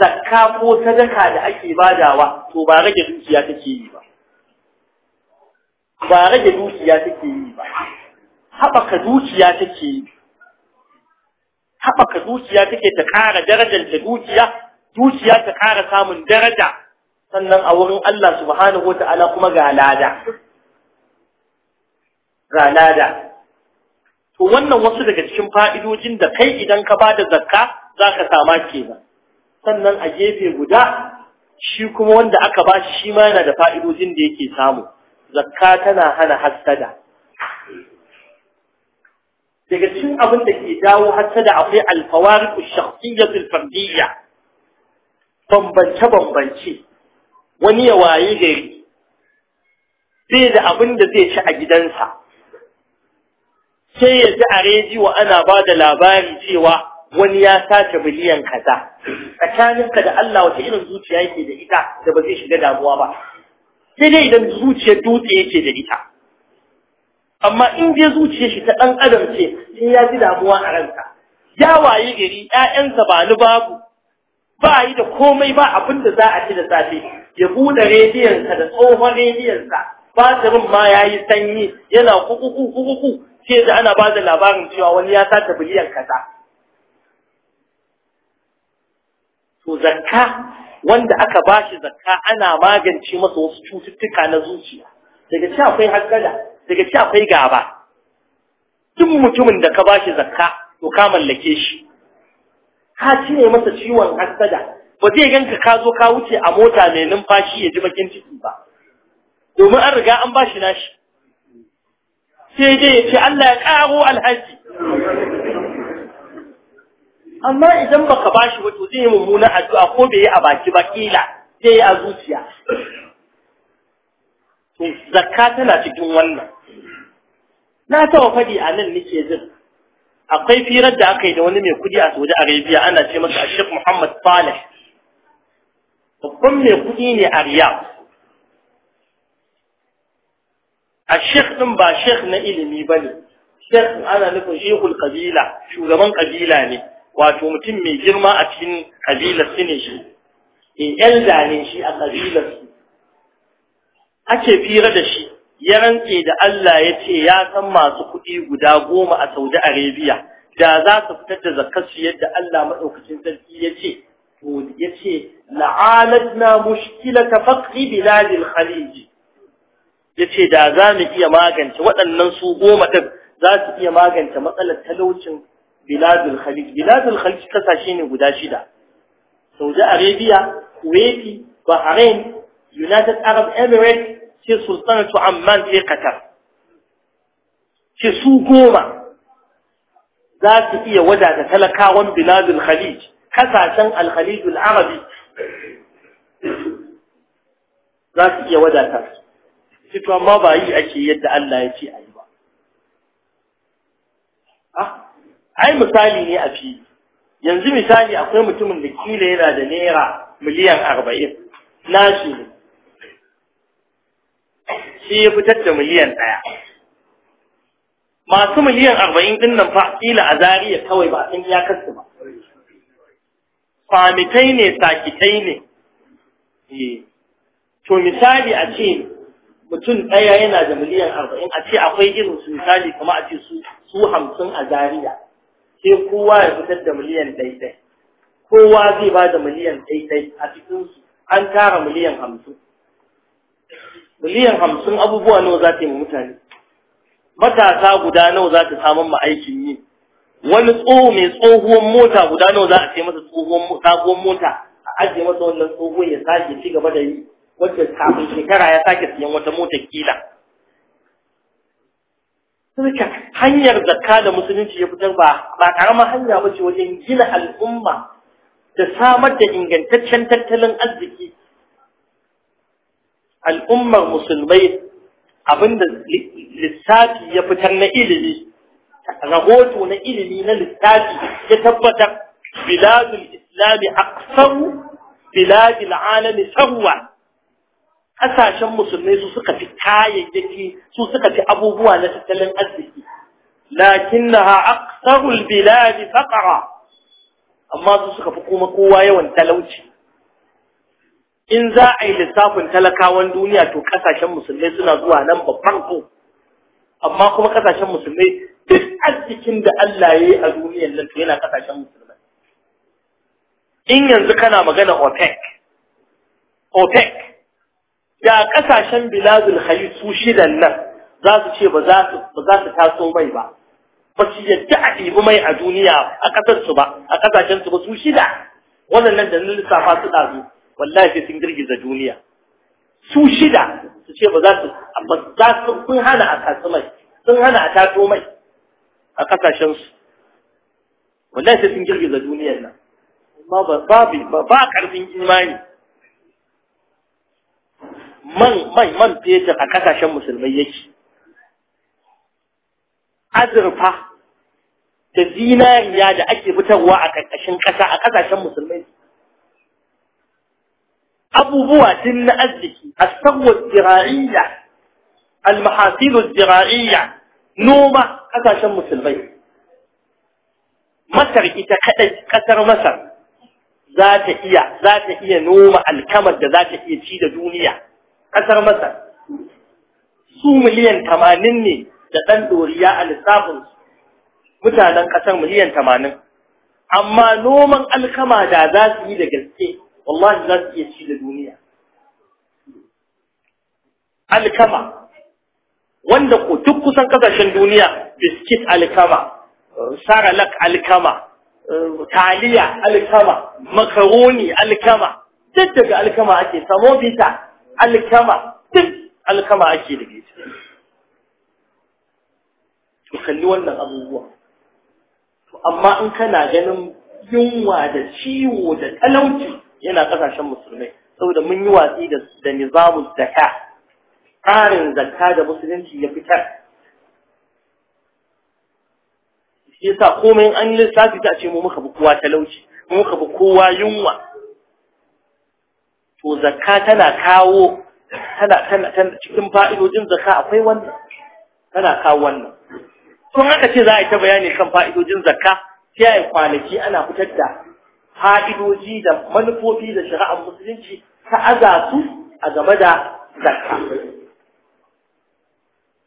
zakka ko sadaka da ake badawa to ba rage dukiya take yi ba ba rage zuciya take yi ba haɓaka dukiya take yi haɓaka dukiya take ta ƙara darajanta dukiya dukiya ta ƙara samun daraja sannan a wurin Allah subhanahu wa ta'ala kuma ga lada ga lada to wannan wasu daga cikin fa'idojin da kai idan ka bada zakka za ka sama kenan sannan a gefe guda shi kuma wanda aka ba shi shi ma yana da fa'idojin da yake samu zakka tana hana hassada daga cikin abin da ke jawo da akwai alfawariq ash-shakhsiyyah al bambance bambance wani ya wayi gari bai da abin da zai ci a gidansa sai ya ji a rediyo ana ba da labari cewa wani ya sace miliyan kaza tsakaninka da Allah wata irin zuciya yake da ita da ba zai shiga damuwa ba sai dai idan zuciyar dutse yake da ita amma in dai zuciyar shi ta ɗan adam ce sai ya ji damuwa a ranka ya waye gari ƴaƴansa ba ni babu ba yi da komai ba abin da za a ci da safe ya buɗe rediyon sa da tsohon rediyon rediyonsa batirin ma ya yi sanyi yana kukuku kukuku sai da ana bada labarin cewa wani ya sata biliyan kaza to zakka wanda aka bashi zakka ana magance masa wasu cututtuka na zuciya daga ci akwai hankala daga ci akwai gaba duk mutumin da ka ba shi zakka to ka mallake shi ka cire masa ciwon hasada ba zai ganka ka zo ka wuce a mota mai numfashi ya ji bakin ciki ba domin an riga an ba shi nashi sai dai ya ce Allah ya karo alhaji amma idan baka bashi shi wato zai yi mummunan addu'a ko bai yi a baki ba kila sai a zuciya to zakka tana cikin wannan na taba faɗi a nan nake jin akwai firar da aka yi da wani mai kudi a Saudi Arabia ana ce masa Sheikh Muhammad Saleh babban mai kudi ne a riya. a din ba Sheikh na ilimi ba ne. Sheikh ana nufin shehul Kabila shugaban kabila ne wato mutum mai girma a cikin kabilar su ne shi in elda ne shi a kabilar su ake fira da shi ya rantse da Allah ya ce ya san masu kuɗi guda goma a Saudi Arabia da za su fitar da zakarsu yadda Allah maɗaukacin sarki ya ce ya ce la'alatna mushkilata faqri biladil khalij ya ce da za mu iya magance waɗannan su goma ɗin za su iya magance matsalar talaucin biladul khalij biladul khalij kasashe ne guda shida Saudi Arabia Kuwaiti Bahrain United Arab Emirates sai sultanatu amman sai qatar ce su goma za su iya wadata talakawan biladul khalij kasashen alkhalijul arabi za su iya wadata su to amma ba yi ake yadda Allah ya ce a yi ba ai misali ne a fili yanzu misali akwai mutumin da kila yana da naira miliyan arba'in na shi ne sai ya fitar da miliyan ɗaya masu miliyan arba'in din nan fa kila a zariya kawai ba sun ya kasu ba kwamitai ne sakitai ne eh. to misali a ce mutum ɗaya yana da miliyan arba'in a ce akwai irin su misali kuma a ce su hamsin a zariya sai kowa ya fitar da miliyan ɗaiɗai kowa zai ba da miliyan ɗaiɗai a cikinsu an tara miliyan hamsin miliyan hamsin abubuwa nawa za ta yi mutane matasa guda nawa za ta samun ma aikin yi wani tsoho mai tsohuwan mota guda nawa za a ce masa tsohuwar mota a ajiye masa wannan tsohuwar ya sake ci gaba da yi wacce kafin shekara ya sake siyan wata mota kila Sirka hanyar zakka da musulunci ya fitar ba ba karamar hanya ba ce wajen gina al'umma da samar da ingantaccen tattalin arziki al'ummar musulmai abinda lissafi ya fitar na ilimi rahoto na ilimi na lissafi ya tabbatar biladul islami aksaru biladul alami sarwa kasashen musulmai su suka fi kayayyaki su suka fi abubuwa na tattalin arziki lakinnaha aksarul biladi faqara amma su suka fi kuma kowa yawan talauci in za a yi lissafin talakawan duniya to kasashen musulmai suna zuwa nan babban ko amma kuma kasashen musulmai duk arzikin da Allah ya yi a duniyar nan to yana kasashen musulmai in yanzu kana magana OPEC OPEC da kasashen biladul khalid su shidan nan za su ce ba za su taso mai ba ba su yadda a ɗibi mai a duniya a ƙasarsu ba a su ba su shida wannan nan da lissafa su ɗazu wallahi sun girgiza duniya su shida su ce ba za su amma za su sun hana a kasu mai sun hana a tato mai a kasashen su wallahi sun girgiza duniyar nan amma ba ba karfin imani man man man fetur a kasashen musulmai yake azurfa da zinariya da ake fitarwa a ƙarƙashin ƙasa a ƙasashen musulmai أبو أبوبوة النأذك الثقوة الزراعية المحاصيل الزراعية نومة هذا شمس البيت مصر إذا كتر مصر ذات هي ذات هي نومة الكمد ذات هي تشيد دونية كتر مصر سو مليان تمانين تقن دورياء الاسابل متى لن كتر مليان تمانين أما نومة الكمد ذات هي لقلقية wallahi za su iya ci da duniya alkama wanda duk kusan kasashen duniya biskit alkama saralak alkama taliya alkama makaroni alkama duk daga alkama ake samovita alkama duk alkama ake da ita to kalli wannan abubuwa amma in kana ganin yunwa da ciwo da talauci yana kasashen musulmai saboda mun yi watsi da da nizamu zakka tsarin zakka da musulunci ya fitar shi yasa komai an lissafi ta ce mu muka bi kowa talauci mu muka bi kowa yunwa to zakka tana kawo tana tana cikin fa'idojin zakka akwai wannan tana kawo wannan to haka ce za a yi ta bayani kan fa'idojin zakka sai a kwanaki ana fitar da fa'idoji da manufofi da shari'ar musulunci ta aza su a game da zakka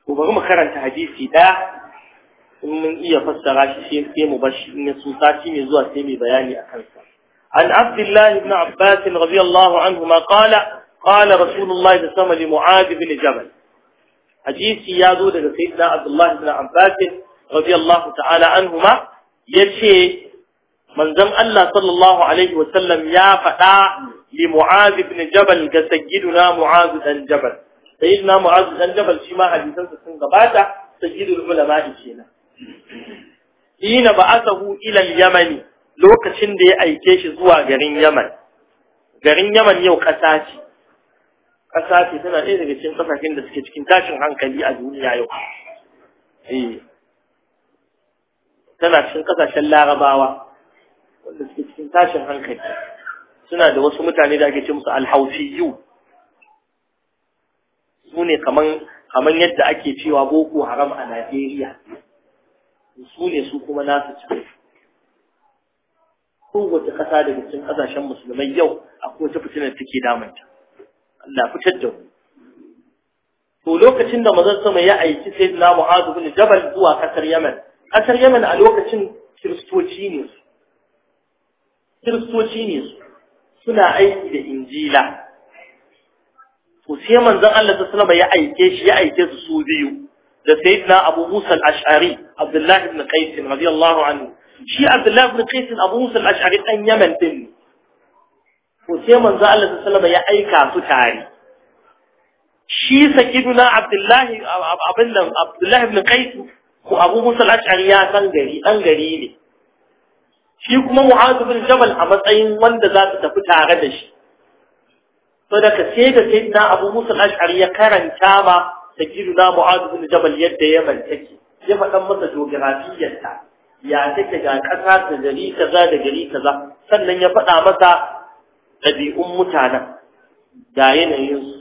to bari mu karanta hadisi ɗaya in mun iya fassara shi sai mu bashi shi ya so sati mai zuwa sai mai bayani a kansa An عبد الله بن عباس رضي الله عنهما قال قال رسول الله صلى الله عليه وسلم لمعاذ بن جبل حديث يادو ده سيدنا عبد ta'ala بن عباس رضي manzon Allah sallallahu alaihi wa sallam ya faɗa li Mu'az ibn Jabal ga sayyiduna Mu'az dan Jabal sayyiduna Mu'az dan Jabal shi ma hadisan sun gabata sayyidul ulama kenan hina ba'athahu ila al-yamani lokacin da ya aike shi zuwa garin Yaman garin Yaman yau kasa ce ƙasa ce tana ɗaya daga cikin ƙasashen da suke cikin tashin hankali a duniya yau eh tana cikin ƙasashen larabawa wanda suke cikin tashin hankali suna da wasu mutane da ake ce musu alhausiyu su ne kaman kaman yadda ake cewa boko haram a Najeriya su ne su kuma nasu cikin kowace ƙasa daga cikin ƙasashen musulmai yau akwai wata fitinar take damunta Allah fitar da mu to lokacin da mazan sama ya aiki sai na mu'azu bin jabal zuwa ƙasar yaman ƙasar yaman a lokacin kiristoci ne kiristoci ne suna aiki da injila to sai manzon Allah ta sallama ya aike shi ya aike su su biyu da sayyidina Abu Musa al-Ash'ari Abdullah ibn Qais radiyallahu anhu shi Abdullah ibn Qais Abu Musa al-Ash'ari dan Yaman din to sai manzon Allah ta sallama ya aika su tare shi sakiduna Abdullah abin nan Abdullah ibn Qais ko Abu Musa al-Ash'ari ya san gari dan gari ne shi kuma mu'azu bin jabal a matsayin wanda za su tafi tare da shi saboda ka sai da na abu musa ash'ari ya karanta ma sayyidina mu'adu bin jabal yadda ya mantake ya faɗan masa geografiyarta ya take ga ƙasa ta gari kaza da gari kaza sannan ya faɗa masa ɗabi'un mutanen ga yanayinsu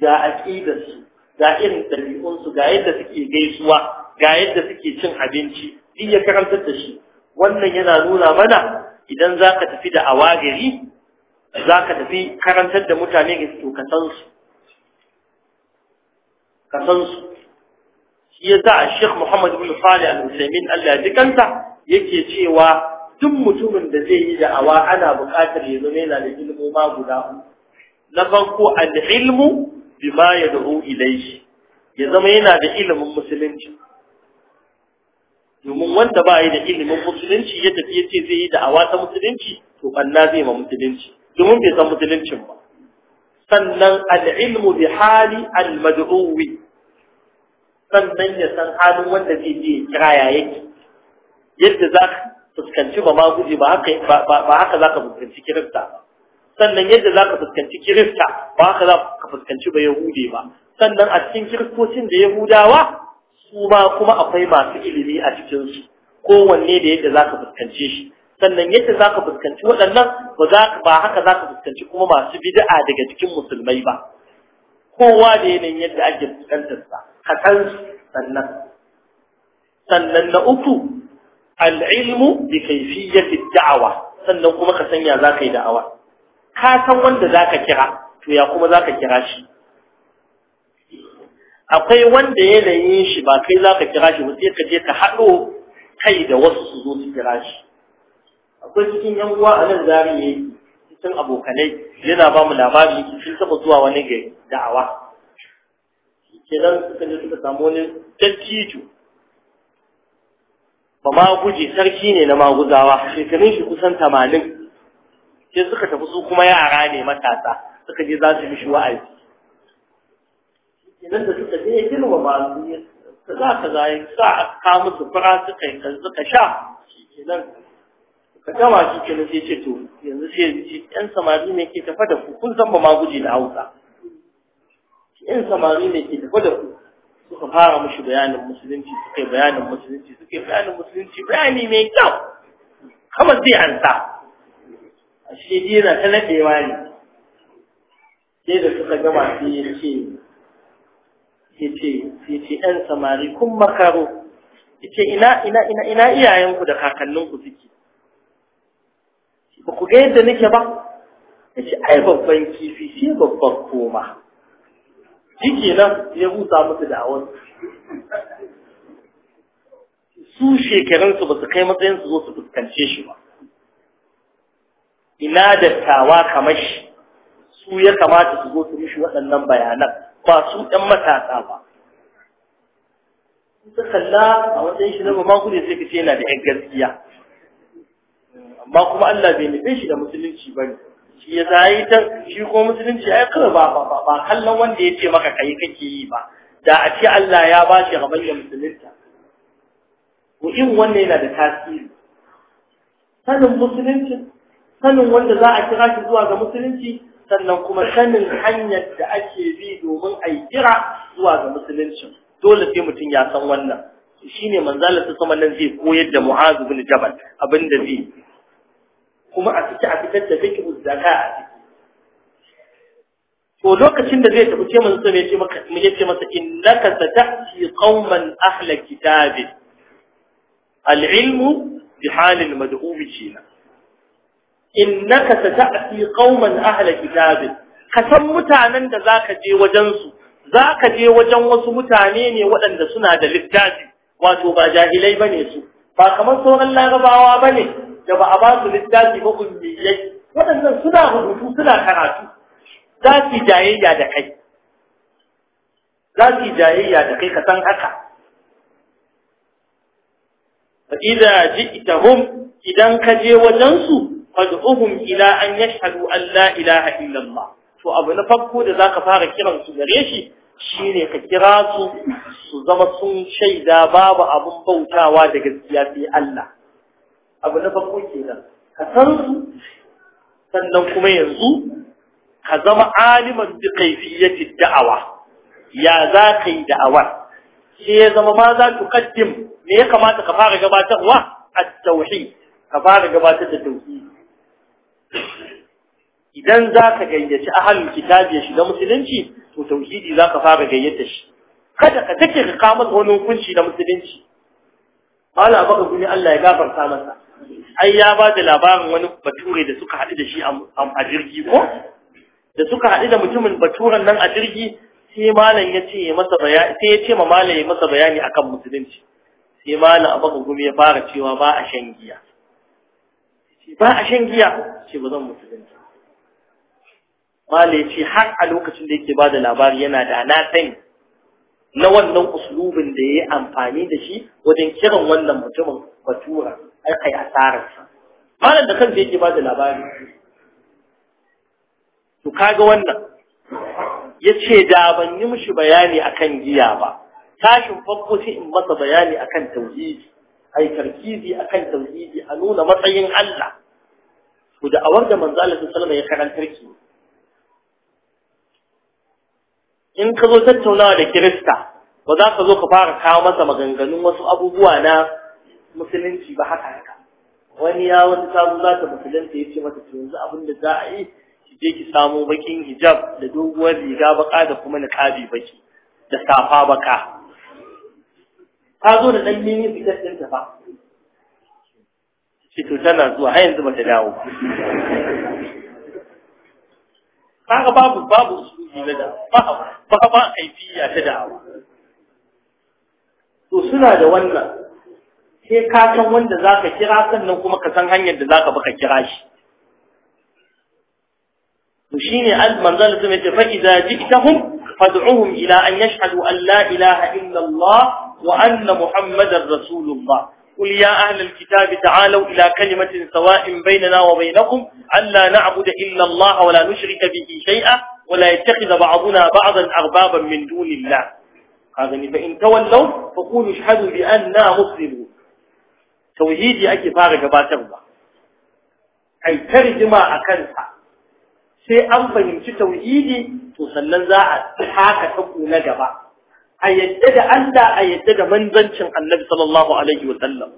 ga aƙidarsu ga irin ɗabi'unsu ga yadda suke gaisuwa ga yadda suke cin abinci duk ya karantar da shi wannan yana nuna mana idan za ka tafi da awagari za ka tafi karantar da mutane ga su kasansu kasansu shi ya sa a shek muhammad bin fali al-husaymin allah dukansa yake cewa tun mutumin da zai yi da awa ana buƙatar ya zama yana da ilmu ma guda na farko al-ilmu bima yad'u ilayhi ya zama yana da ilimin musulunci domin wanda ba yi da ilimin musulunci ya tafi ya ce zai yi da'awa ta musulunci to banna zai ma musulunci domin bai san musuluncin ba sannan al'ilmu bi hali al-mad'uwi sannan ya san halin wanda zai je kira ya yake yadda za ka fuskanci ba ma guje ba haka ba haka za ka fuskanci kirista sannan yadda za ka fuskanci kirista ba haka za ka fuskanci ba yahude ba sannan a cikin kiristocin da yahudawa su ma kuma akwai masu ilimi a cikinsu kowanne da yadda za ka fuskance shi sannan yadda za ka fuskanci waɗannan ba za ba haka za ka fuskanci kuma masu bid'a daga cikin musulmai ba kowa da yanayin yadda ake fuskantar sa san sannan sannan na uku al'ilmu bi kayfiyyati da'awa sannan kuma ka sanya za ka yi da'awa ka san wanda za ka kira to ya kuma za ka kira shi akwai wanda yanayin shi ba kai za ka kira shi ba sai ka je ka haɗo kai da wasu su zo su kira shi akwai cikin yan uwa a nan yi cikin abokanai yana ba mu labari sun taɓa zuwa wani ga da'awa kenan suka je suka samu wani dattijo ba ma guje sarki ne na maguzawa shekarun shi kusan tamanin sai suka tafi su kuma yara ne matasa suka je za su mishi wa'azi idan da suka je ya girma ba su yi kaza kaza ya sa a kama su fara suka yi suka sha shi nan ka gama shi ke sai ce to yanzu sai ji yan samari ne ke tafa da ku kun san ba ma guje da hausa yan samari ne ke tafa da ku suka fara mushi bayanin musulunci suka yi bayanin musulunci suka yi bayanin musulunci bayani mai kyau kamar zai ansa a shi yana ta naɗewa ne sai da suka gama sai ya ce yace yace ɗan samari kun makaro yace ina ina ina ina iyayenku da kakanninku suke ba ku ga yadda nake ba yace ai babban kifi shi babban koma shi nan ya huta musu da awon su shekarunsu ba su kai matsayin su zo su fuskance shi ba ina dattawa kamar shi su ya kamata su zo su mishi waɗannan bayanan ba su ɗan matasa ba Su kalla a wajen shi na mamakule sai ka ce yana da 'yan gaskiya amma kuma Allah bai nufe shi da musulunci ba ne shi ya zayi ta shi ko musulunci ya kawai ba ba ba kallon wanda ya ce maka kai kake yi ba da a ce Allah ya ba shi gaban da musulunta ko in wannan yana da tasiri sanin musulunci sanin wanda za a kira shi zuwa ga musulunci sannan kuma sanin hanyar da ake bi domin a yi kira zuwa ga musulunci dole sai mutum ya san wannan ne manzala ta sama nan zai koyar da mu'azu bin jabal abin da zai kuma a cikin a fitar da fiqh zakka a ciki to lokacin da zai tafi sai manzo sai ya ce maka ya ce masa innaka satati qauman ahla kitabin al-ilmu bi halil mad'ubi jina. innaka tata'ti qauman ahli kitab ka san mutanen da zaka je wajen su zaka je wajen wasu mutane ne waɗanda suna da littafi wato ba jahilai bane su ba kamar sauran larabawa bane da ba a ba su littafi ba ummiyai waɗannan suna rubutu suna karatu za su jayayya da kai za su jayayya da kai ka san haka fa idza ji'tahum idan ka je wajen su fad'uhum ila an yashhadu an la ilaha illa Allah to abu na farko da zaka fara kiran su gare shi shine ka kira su su zama sun shaida babu abun bautawa da gaskiya sai Allah abu na farko kenan ka san su sannan kuma yanzu ka zama aliman bi kayfiyati da'awa ya za ka yi da'awar sai ya zama ma za ku kaddim me ya kamata ka fara gabatarwa at-tauhid ka fara gabatar da tauhid idan za ka gayyaci ahalin kitabi ya shiga musulunci to tauhidi za ka fara gayyata shi kada ka take ka kama wani hukunci da musulunci mala baka guni Allah ya gafarta masa ai ya ba da labarin wani bature da suka haɗu da shi a jirgi ko da suka haɗu da mutumin baturen nan a jirgi sai malam ya ce masa bayani sai ya ce ma malam ya masa bayani akan musulunci sai malam abaka gumi ya fara cewa ba a shan giya ba a shan giya ce ba zan musulunta mala ya ce har a lokacin da yake ba da labari yana da na sani na wannan uslubin da ya yi amfani da shi wajen kiran wannan mutumin batura har kai asararsa malam da kansa yake ba da labari to kaga wannan ya ce da ban yi mishi bayani akan giya ba tashin farko sai in masa bayani akan tauhidi ai tarkizi akan tauhidi a nuna matsayin Allah to da awar da manzo Allah sallallahu alaihi ya karantar ki in ka zo tattaunawa da Kirista ba za ka zo ka fara kawo masa maganganun wasu abubuwa na musulunci ba haka haka wani ya wani sabu za ta musulunta ya ce mata to yanzu abin da za a yi ki je ki samo bakin hijab da doguwar riga baka da kuma niqabi baki da safa baka ta zo da ɗan mini fitar ɗinta ba to tana zuwa har yanzu bata dawo kaga babu babu usulubi na da ba ba ba ta to suna da wannan sai ka san wanda zaka kira sannan kuma ka san hanyar da za ka baka kira shi to shine manzon da zai ce fa idza jiktahum fad'uhum ila an yashhadu an la ilaha illallah. وأن محمدا رسول الله قل يا أهل الكتاب تعالوا إلى كلمة سواء بيننا وبينكم أن لا نعبد إلا الله ولا نشرك به شيئا ولا يتخذ بعضنا بعضا أربابا من دون الله هذا فإن تولوا فقولوا اشهدوا بأننا مسلمون توحيدي أكي فارق باتربا أي ترجمة أكنها sai an fahimci tauhidi to sannan za a haka tako na gaba a yadda da Allah a yadda da manzancin annabi sallallahu alaihi wa sallam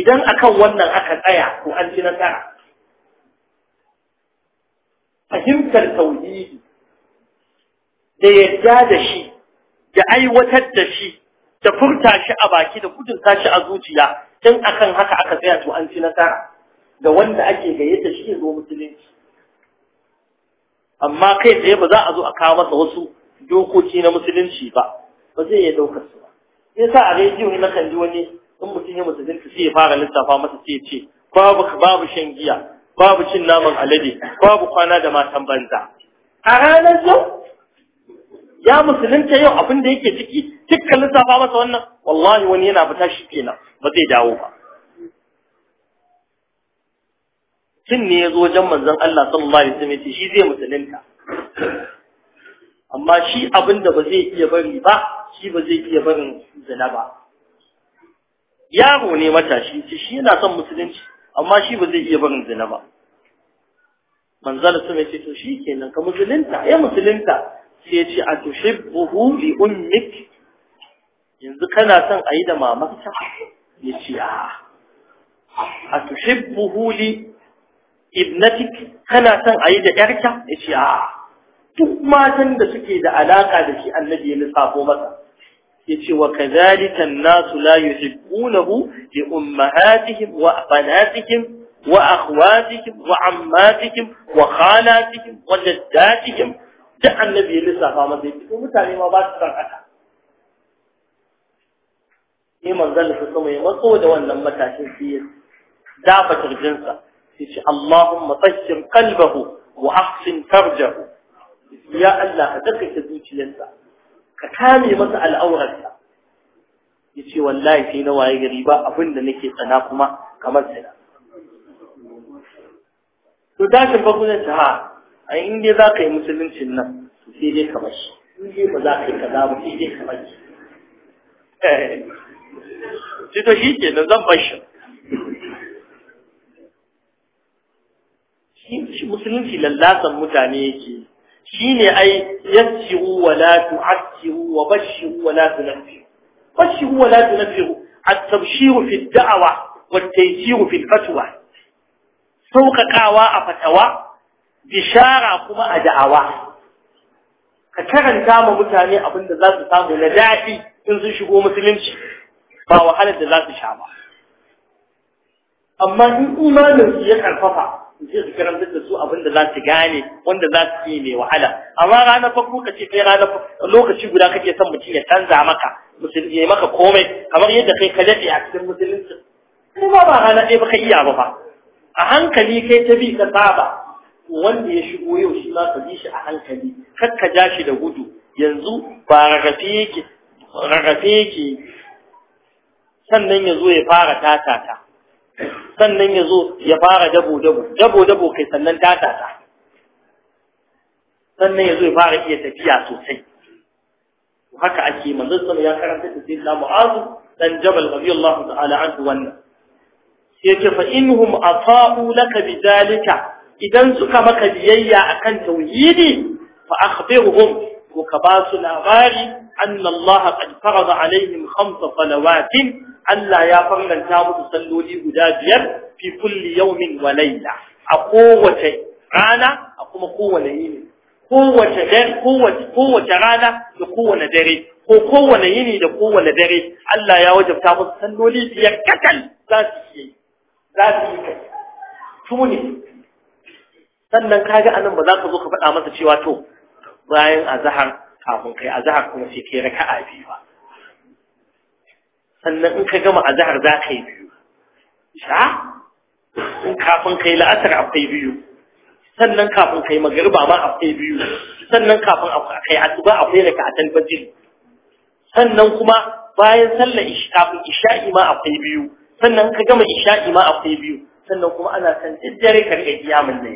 idan akan wannan aka tsaya ko an ci nasara fahimtar tauhidi da yadda da shi da aiwatar da shi da furta shi a baki da kudurta shi a zuciya tun akan haka aka tsaya to an ci nasara Da wanda ake gayyata shi ya zo musulunci amma kai tsaye ba za a zo a kawo masa wasu dokoki na musulunci ba ba zai iya daukar su ba yasa a rediyo na kan ji wani in mutum ya musulunci sai ya fara lissafa masa sai ce babu babu shan giya babu cin naman alade babu kwana da matan banza a ranar yau ya musulunta yau abin da yake ciki dukkan lissafa masa wannan wallahi wani yana fita shi kenan ba zai dawo ba tun ne ya zo wajen manzon Allah sallallahu alaihi wasallam shi zai musulunta amma shi abin da ba zai iya bari ba shi ba zai iya barin zina ba yaro ne matashi shi shi yana son musulunci amma shi ba zai iya barin zina ba manzala sun ce to shi kenan ka musulunta ya musulunta sai ya ce a tuhibbuhu li ummik yanzu kana son a yi da mamarka ya ce a a tuhibbuhu li ibnatik kana son a yi da yarka ya ce a duk matan da suke da alaka da shi annabi ya lissafo masa yace wa kadhalika an-nasu la yuhibbunahu li ummahatihim wa banatihim wa akhwatihim wa ammatihim wa khalatihim wa jaddatihim da annabi ya lissafa masa yace mutane ma ba su san haka ne manzon da kuma ya matso da wannan matashin shi ya dafa kirjinsa yace Allahumma tahhir qalbahu wa ahsin farjahu ya Allah ka ta zuciyarsa ka kame masa al'aurarsa Ya ce wallahi sai na waye gari ba abin da nake tsana kuma kamar sai to tashin farko zai ta ha a in dai za ka yi musuluncin nan sai dai kamar shi in dai ba za ka yi kaza ba sai dai kamar shi eh. sai to shi ke nan zan bar shi musulunci lallasan mutane yake shine ai yassiru wa la tu'assiru wa bashi wa la tunfiru bashiru wa la tunfiru at-tabshiru fi ad wa fi sauƙaƙawa a fatawa bishara kuma a da'awa ka karanta ma mutane abin da za su samu na daɗi in sun shigo musulunci ba wahalar da za su sha ba amma in imanin su ya karfafa je su karantar da su abin da za su gane wanda za su yi mai wahala amma ranar farko ka ce kai ranar lokaci guda kake son mutum ya canza maka musulmi ya maka komai kamar yadda kai ka daɗe a cikin musulunci Kuma ba rana ɗaya ba ka iya ba fa a hankali kai ta bi ka saba wanda ya shigo yau shi ma ka bi shi a hankali kar ka ja shi da gudu yanzu ba rarrafe yake rarrafe yake sannan ya ya fara tatata sannan ya zo ya fara dabo-dabo dabo-dabo kai sannan tatata sannan ya zo ya fara iya tafiya sosai haka ake manzon sama ya karanta da sayyidina mu'azu dan jabal radiyallahu ta'ala anhu wannan sai ce fa inhum ata'u laka bidalika idan suka maka biyayya akan tauhidi fa akhbirhum ko ka ba su labari anna Allah qad farada alaihim khamsa salawatin Allah ya farlanta musu salloli guda biyar fi kulli yawmin wa layla a kowace rana a kuma kowane yini kowace dan kowace kowace rana da kowane dare ko kowane yini da kowane dare Allah ya wajabta musu salloli biyar katal za su yi za su yi kai su sannan kaga anan ba za ka zo ka faɗa masa cewa to bayan azhar kafin kai azhar kuma sai kai raka'a biyu ba sannan in ka gama azhar za ka yi biyu sha in kafin kai la'asar akwai biyu sannan kafin kai magarba ma akwai biyu sannan kafin kai asuba akwai a fajr sannan kuma bayan sallar kafin isha'i ma akwai biyu sannan ka gama isha'i ma akwai biyu sannan kuma ana san daddare ka rike kiyamun ne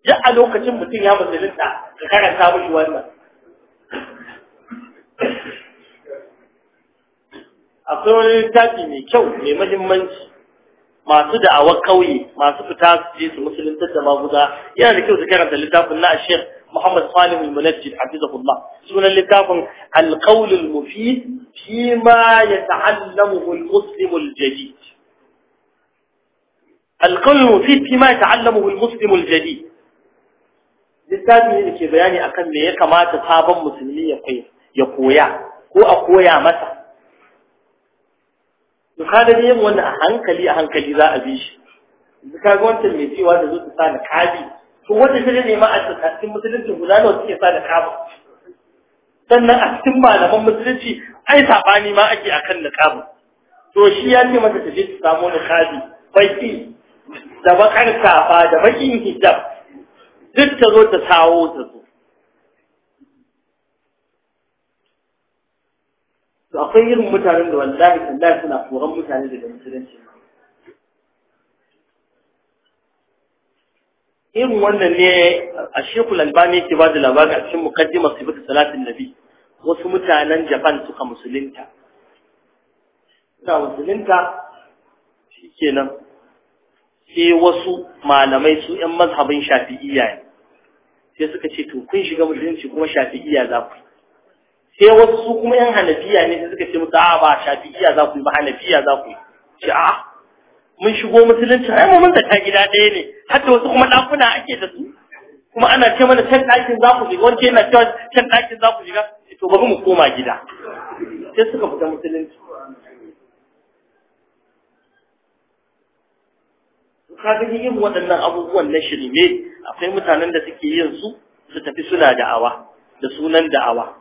duk a lokacin mutum ya musulunta ka karanta mashi wannan akwai wani littafi mai kyau mai mahimmanci masu da'awar kauye masu fita su je su musulunta da maguza yana da kyau su karanta littafin na Sheikh Muhammad Salim al-Munajjid hafizahullah sunan littafin al-qawl al-mufid fi ma yata'allamuhu al-muslim al-jadid al-qawl al-mufid fi ma yata'allamuhu al-muslim al-jadid littafin ne da ke bayani akan me ya kamata sabon musulmi ya koya ko a koya masa to kaga dai wannan a hankali a hankali za a bi shi kaga wancan mai cewa da zo ta sa da kabi to wanda ta ne a cikin musulunci guda nawa suke sa da kabi sannan a cikin malaman musulunci ai sabani ma ake akan da kabi to shi ya ce mata ta je ta samu da kabi baki da bakar kafa da bakin hijab duk ta zo ta sawo ta zo to akwai irin mutanen da wallahi tallahi suna koran mutane daga musulunci irin wannan ne a shekul albani ke ba da labarin a cikin mukaddima sifatu salatin nabi wasu mutanen japan suka musulunta suka musulunta shikenan sai wasu malamai su yan mazhabin shafi'iyya ne sai suka ce to kun shiga musulunci kuma shafi'iyya za ku sai wasu su kuma yan hanafiya ne suka ce musu a ba shafi'iya za ku yi ba hanafiya za ku yi ce a mun shigo musulunci ai mun zata gida ɗaya ne hatta wasu kuma ɗakuna ake da su kuma ana ce mana can ɗakin za ku shiga wance yana cewa can ɗakin za ku shiga to bari mu koma gida sai suka fita musulunci ka ga yin waɗannan abubuwan na shirme akwai mutanen da suke yin su su tafi suna da'awa da sunan da'awa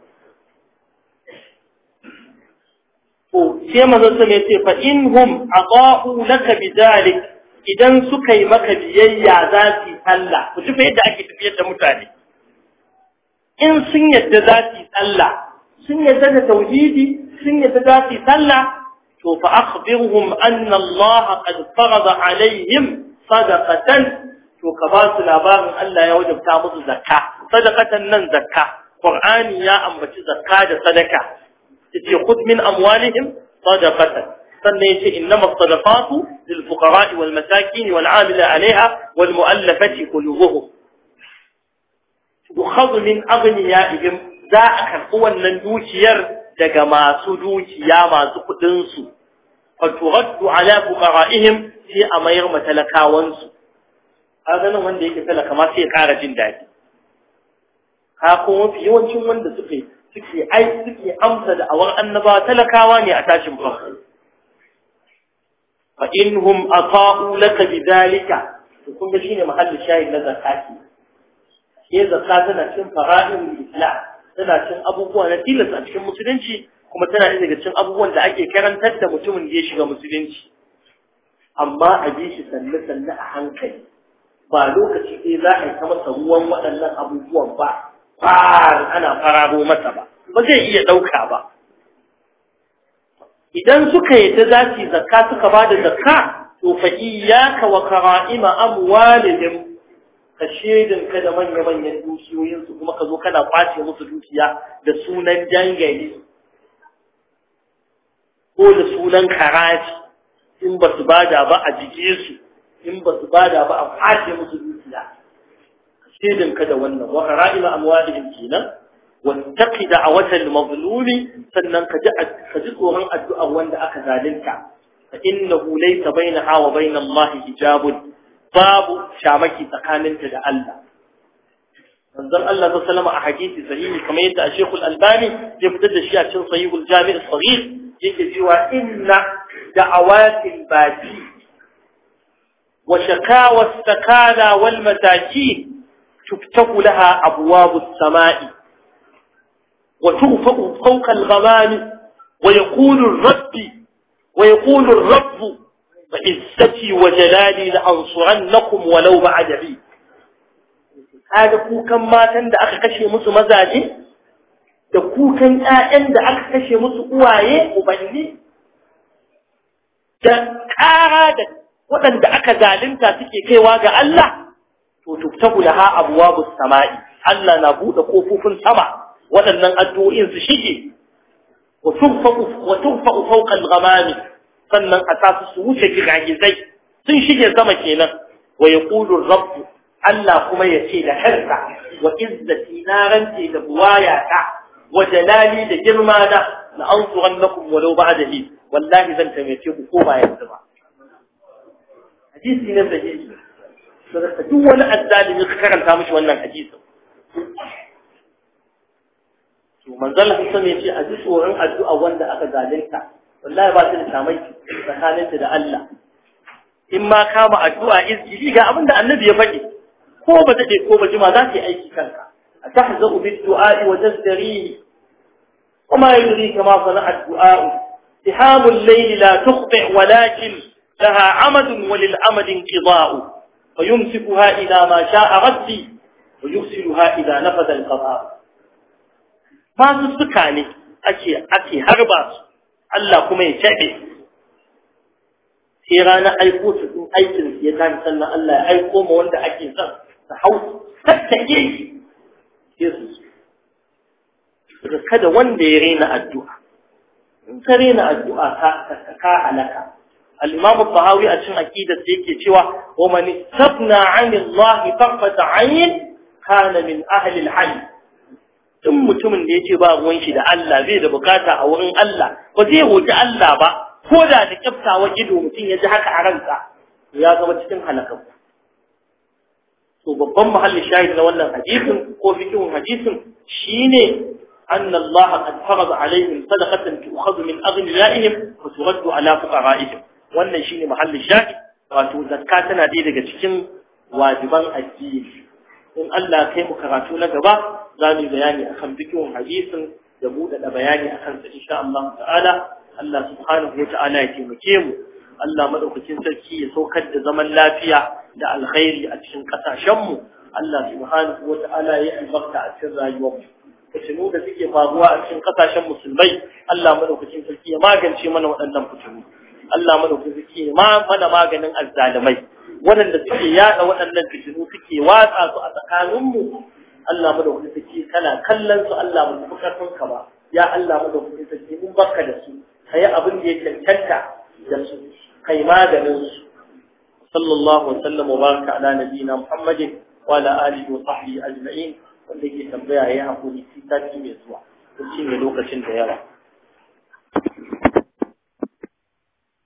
ko sai manzo sai ya ce fa inhum aqa'u laka bidalik idan suka yi maka biyayya za su yi ku ji yadda ake tafiyar da mutane in sun yadda za su yi sallah sun yadda da tauhidi sun yadda za su yi sallah to fa akhbirhum anna Allah qad farada alaihim sadakatan to ka ba su labarin Allah ya wajabta musu zakka sadakatan nan zakka Qur'ani ya ambaci zakka da sadaka yace khudh min amwalihim sadaqatan sannan yace innama sadaqatu lil fuqara wal masakin wal amila alaiha wal mu'allafati qulubuhum tukhadhu min aghniyaihim za a karɓi wannan dukiyar daga masu dukiya masu kuɗin su fa turaddu ala fuqara'ihim sai a mayar matalakawansu azanin wanda yake talaka ma sai ya ƙara jin daɗi haka mafi yawancin wanda suka yi suke ai suke amsa da awar annaba talakawa ne a tashin farko fa inhum ata'u laka bidalika to kun ga shine mahallin shayin na zakati ke zakka tana cin fara'in islam tana cin abubuwa na tilas a cikin musulunci kuma tana daga cin abubuwan da ake karantar da mutumin da ya shiga musulunci amma a bi shi sanne-sanne a hankali ba lokaci ɗaya za a yi ta masa ruwan waɗannan abubuwan ba fara ana fararo masa ba ba zai iya ɗauka ba idan suka yi ta zaki zakka suka bada da zakka to fa iyyaka wa qara'ima amwalihim ka shedin ka da manya manyan dukiyoyin su kuma ka zo kana kwace musu dukiya da sunan dangane ko da sunan karaji in ba su bada ba a jike su in ba su bada ba a kwace musu dukiya shedin ka da wannan wa raima amwalihim kenan wattaqi da'watal mazlumi sannan ka ji ka ji tsoron addu'a wanda aka zalunta fa innahu laysa bainaha wa bainal lahi hijabun babu shamaki tsakaninta da Allah manzon Allah sallallahu alaihi wasallam a hadisi sahihi kamar yadda Sheikh Al-Albani ya fitar da shi a cikin Sahihul Jami' al-Saghir yake cewa inna da'awatil bati wa shakawa sakala wal تفتح لها أبواب السماء وتوفق فوق الغمان ويقول الرب ويقول الرب بإزتي وجلالي لأنصرنكم ولو بعد بي هذا كوكاً ما تند أخي قشي مزاجي da kukan ƴaƴan da aka kashe musu uwaye ubanni da ƙara da waɗanda aka to tuftahu laha abwabus sama'i Allah na buɗe kofofin sama waɗannan addu'o'in su shige wa tughfa'u wa tughfa'u sannan a tasu su wuce gizai, sun shige sama kenan wa yaqulu rabb Allah kuma ya ce da harta wa na rance da buwaya ta wa jalali da na la ansurannakum walau ba'da hi wallahi zan tamace ku ko ba yanzu ba hadisi ne sahihi sadaka duk wani azzalimi ka karanta mishi wannan hadisi to manzon Allah sun yace a ji tsoron addu'a wanda aka zalunta wallahi ba su da shamaki tsakaninta da Allah in ma kama addu'a izgili ga abin da annabi ya faɗi ko ba take ko ba jima za ta yi aiki kanka atahzu bi du'a'i wa tazdari kuma yuri kama sana addu'a sihamul layli la tuqti walakin laha amadun wa lil amadin qida'u فيمسكها إذا ما شاء ردي ويغسلها إذا نفذ القضاء ما تسكى لي أكي أكي هربات الله كما يتعبي sai ranar aiko su sun aikin ya tafi sannan Allah ya aiko ma wanda ake son su hau tattake shi Yesus daga kada wanda ya raina addu'a in ka raina addu'a ka ka al Buhari tahawi a cikin aqidar da yake cewa wa man sabna 'an Allah 'ayn kana min ahli al Tun mutumin da yace ba ruwan shi da Allah zai da bukata a wurin Allah ba zai roki Allah ba ko da da kyaftawa ido mutum ya ji haka a ransa ya zama cikin halakan to babban muhallin shahid na wannan hadisin ko fikihun hadisin shine أن الله قد فرض عليهم صدقة تؤخذ من أغنيائهم وترد على فقرائهم wannan shine mahallin shafi wato zakka tana dai daga cikin wajiban addini in Allah kai mu karatu na gaba za mu bayani akan bikin hadisin da buɗaɗa bayani akan sa insha Allah ta'ala Allah subhanahu wa ta'ala ya taimake mu Allah madaukakin sarki ya saukar da zaman lafiya da alkhairi a cikin kasashen mu Allah subhanahu wa ta'ala ya albarka a cikin rayuwar mu fitinu da suke faruwa a cikin kasashen musulmai Allah madaukakin sarki ya magance mana waɗannan fitinu Allah madaukaki suke ma mana maganin azzalumai waɗanda suke yaɗa waɗannan fitinu suke watsa su a tsakaninmu Allah madaukaki suke kana kallon su Allah mu fi karfin ka ba ya Allah madaukaki suke mun baka da su kai abin da ya cancanta da su kai maganin su sallallahu alaihi wasallam baraka ala nabiyina muhammadin wa ala alihi wa sahbihi ajma'in wanda yake tambaya yayi hakuri sai sati mai zuwa kun ne lokacin da yawa